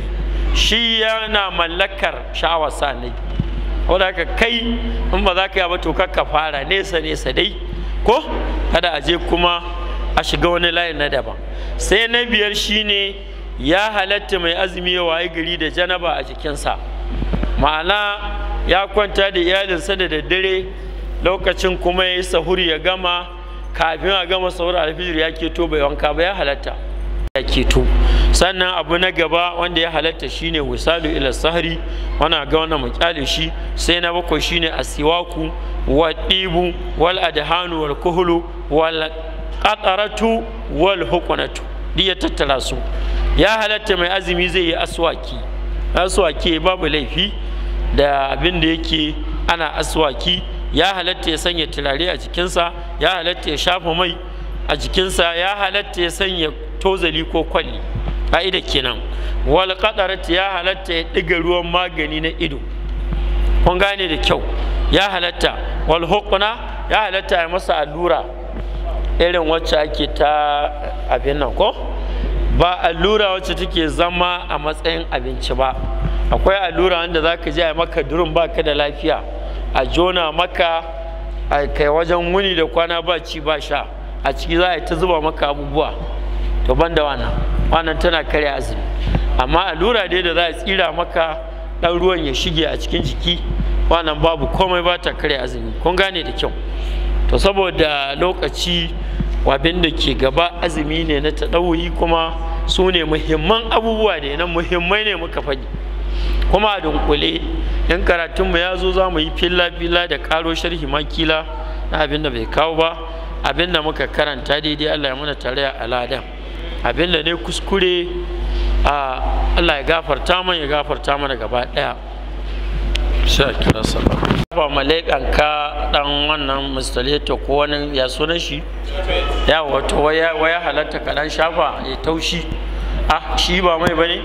shi yana mallakar sha'awar sa wanda ka kai in ba za ka yi ba to ka fara nesa nesa dai ko kada a je kuma a shiga wani layin na daban sai na biyar shine ya halatta mai azumi ya wayi gari da janaba a jikinsa ma'ana ya kwanta da iyalinsa da daddare lokacin kuma ya yi sahur ya gama kafin a gama sahur alfijir ya keto bai wanka ba ya halatta ya keto sannan abu na gaba wanda ya halatta shine wisalu ila sahri wana ga wannan mukyale shi sai na bakwai shine asiwaku wa dibu wal adhanu wal kuhlu wal qataratu wal hukunatu ya tattara su ya halatta mai azumi zai yi aswaki aswaki babu laifi da abin da yake ana aswaki ya halatta ya sanya turare a jikinsa ya halatta ya shafa mai a jikinsa ya halatta ya sanya tozali ko kwalli Ka'ida kenan wal qadarati ya halatta ya ɗiga ruwan magani na ido kun gane da kyau ya halatta wal hukuna ya halatta ya masa allura irin wacce ake ta abin nan ko ba allura wacce take zama a matsayin abinci ba akwai allura wanda za ka je a maka durin ba ka da lafiya a jona maka a kai wajen wuni da kwana ba ci ba sha a ciki za a yi ta zuba maka abubuwa to ban da wannan wannan tana karya azumi amma allura dai da za a tsira maka ɗan ruwan ya shige a cikin jiki wannan babu komai ba ta karya azumi kun gane da kyau to saboda lokaci wabin da ke gaba azumi ne na dauyi kuma su ne muhimman abubuwa da nan muhimmai ne muka faɗi kuma a dunkule yan karatunmu ya zo za mu yi filla-filla da karo sharhi makila na abin da bai kawo ba abin da muka karanta daidai allah ya mana tare a aladan abin da ne kuskure a Allah ya gafarta man ya gafarta mana gaba daya shakira sallallahu ba malaikan ka dan wannan mustalito ko wani ya sunan shi ya wato waya waya halatta kadan shafa ya taushi ah shi ba mai bane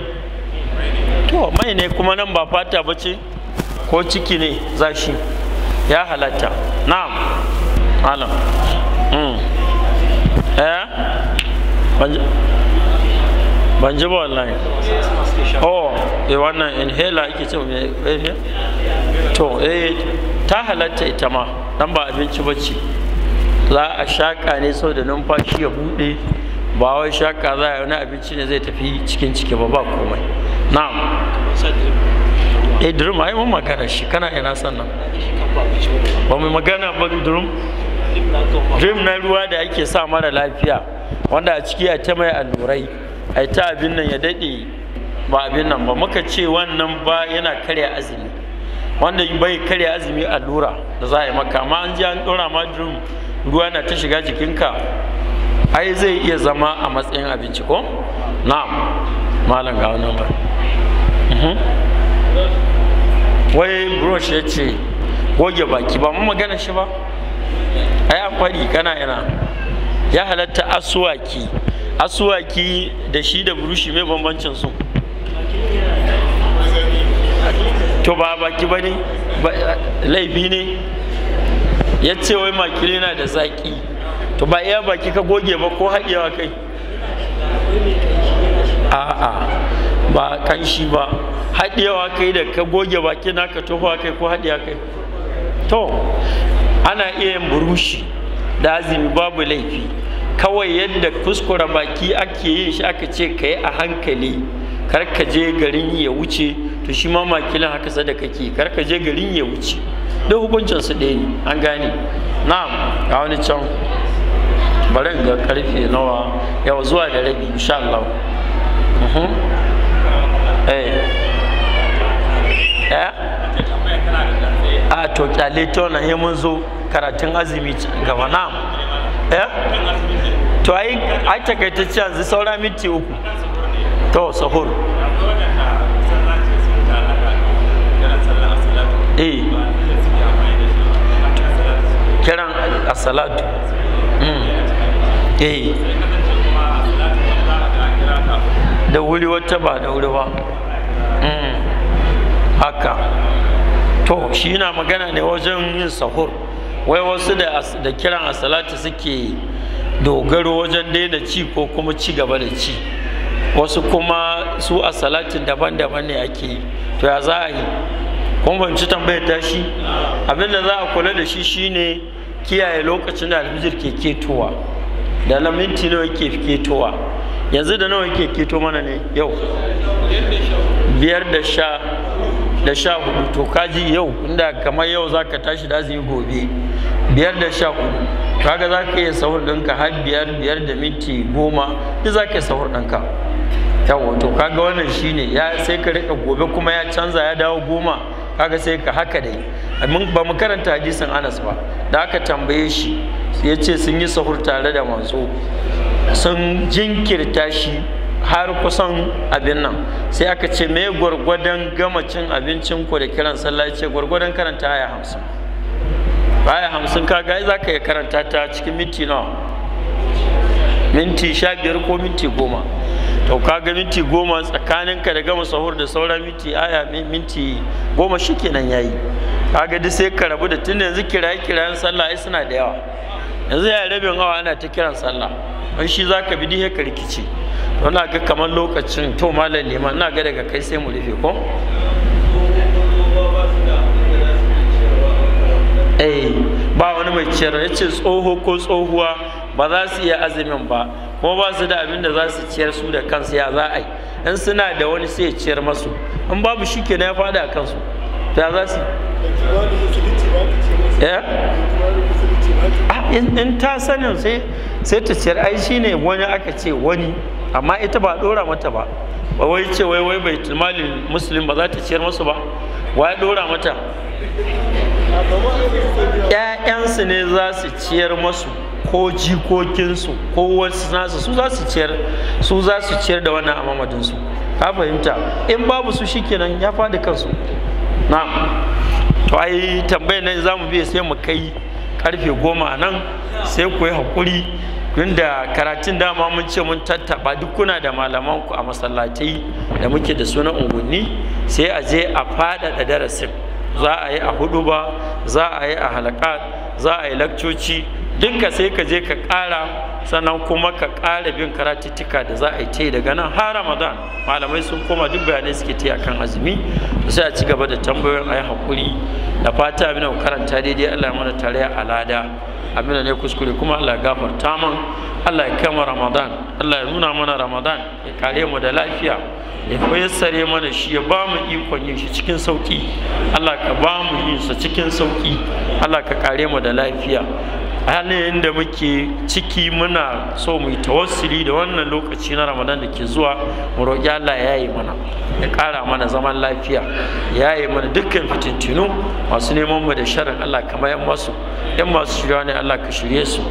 to mai ne kuma nan ba fata bace ko ciki ne zashi ya halatta na'am malam mm eh ban ji ba wallahi oh e wannan inhaler ake ce mai to eh ta halatta ita ma dan ba abinci bace za a shaka ne da numfashi ya bude ba wai shaka za a wani abinci ne zai tafi cikin ciki ba ba komai na'am eh drum ai mun magana shi kana ina sannan ba mu magana ba drum dream na ruwa da ake sa mara lafiya wanda a ciki ya ta mai allurai a ta abin nan ya daɗe ba abin nan ba muka ce wannan ba yana karya azumi wanda bai karya azumi allura da za a yi maka amma an ji an ɗora ma drum ruwa na ta shiga jikinka ai zai iya zama a matsayin abinci ko na'am malam ga wannan ba mhm. wai brush ya ce goge baki ba mu magana shi ba ai kwari kana yana ya halatta aswaki aswaki da shi da burushi mai bambancin su to ba baki ba ne laifi ne ya ce wai makili na da zaki to ba iya baki ka goge ba ko haɗewa kai a'a ba kanshi ba haɗewa kai da ka goge baki na ka tofa kai ko haɗewa kai to ana iya yin burushi da azumi babu laifi kawai yadda kuskura baki ake yin shi aka ce ka yi a hankali karka je garin ya wuce to shi ma makilin haka sada kake karka je garin ya wuce duk hukuncin su ɗaya ne an gane Na, ga wani can bari ga karfe nawa Yau zuwa da rabi insha Allah mhm. eh. eh? a ah, to kyale tona mun zo karatun azumi gaba na eh to ai ai takaitacce yanzu saura minti uku to sahur eh kiran asalatu hmm. eh da wuri wata ba da wuri ba hmm. haka to shi na magana ne wajen yin sahur wai wasu da kiran a asalati suke dogaro wajen daina ci ko kuma ci gaba da ci wasu kuma su salatin daban-daban ne ake yi to ya za a yi kuma banci tambayar tashi abinda za a kula da shi shine kiyaye lokacin da alhijir ke ketowa da na minti nawa ke ketowa yanzu da nawa ke keto mana ne yau biyar da sha da sha hudu to kaji yau inda kamar yau za ka tashi da azumi gobe biyar da sha hudu kaga za ka iya sahur ɗinka har biyar biyar da minti goma duk za ka iya sahur ɗinka yawa to kaga wannan shine ya sai ka rika gobe kuma ya canza ya dawo goma kaga sai ka haka dai mun ba mu karanta hadisin Anas ba da aka tambaye shi ya ce sun yi sahur tare da manzo sun jinkirta shi har kusan abin nan sai aka ce me gwargwadon gama cin abincin ku da kiran sallah ce gwargwadon karanta aya hamsin aya hamsin ka ga za ka iya karanta ta cikin minti nawa minti sha biyar ko minti goma to ka ga minti goma tsakaninka da gama sahur da sauran minti aya minti goma shi kenan yayi ga duk sai ka rabu da tun yanzu kiraye kirayen sallah ai suna da yawa yanzu ya rabin awa ana ta kiran sallah in shi za ka bi ya ka rikici to na ga kamar lokacin to malam neman na ga daga kai sai mu rufe ko eh ba wani mai ciyar ya ce tsoho ko tsohuwa ba za su iya azumin ba kuma ba su da abin da za su ciyar su da kansu ya za a yi in suna da wani sai ya ciyar masu in babu shi ke na ya faɗi a kansu ta za su Eh? Ah, in ta sanin sai ta ciyar ai shi ne wani aka ce wani amma ita ba dora mata ba wai ce wai wai bai malin musulun ba za ta ciyar masu ba wai dora mata ƴaƴansu ne za su ciyar masu ko jikokinsu ko wasu nasu su za su ciyar su za su ciyar da wannan amamadinsu ka fahimta in babu su shikenan ya faɗi kansu na. to ai tambayar nan za mu biya sai mu kai karfe goma nan sai ku yi haƙuri tunda karatun dama mun ce mun tattaɓa duk kuna da malaman ku a masallatai da muke da suna unguwanni sai a je a faɗaɗa darasin za a yi a hudu ba za a yi a halaƙa, za a yi lakcoci dukka sai ka je ka ƙara sannan kuma ka ƙara bin karatuttuka da za a yi ta yi daga nan har ramadan malamai sun koma duk bayanai suke ta akan azumi sai a ci gaba da tambayoyin a yi hakuri da fata mina karanta daidai Allah ya mana tare a lada amina ne kuskure kuma Allah ya gafarta man Allah ya kama ramadan Allah ya nuna mana ramadan ya kare mu da lafiya ya fayyasare mana shi ya ba mu ikon yin shi cikin sauki Allah ka ba mu yin sa cikin sauki Allah ka kare mu da lafiya A halin da muke ciki muna so mu yi tawassuli da wannan lokaci na ramadan da ke zuwa mu roƙi allah ya yi mana ya ƙara mana zaman lafiya ya yi mana dukkan fitintinu masu neman mu da sharin allah kamar yan masu yan masu shirya ne allah ka shirye su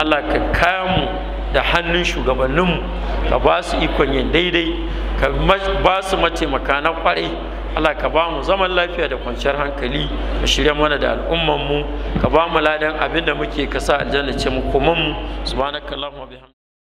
allah ka kaya mu da hannun shugabanninmu ka ba su ikon yin daidai ka ba su mataimaka na kwarai Allah ka ba mu zaman lafiya da kwanciyar hankali ka shirya mana da al'umman mu ka ba mu ladan abin da muke kasa aljanna ce mu kuma mu subhanakallahumma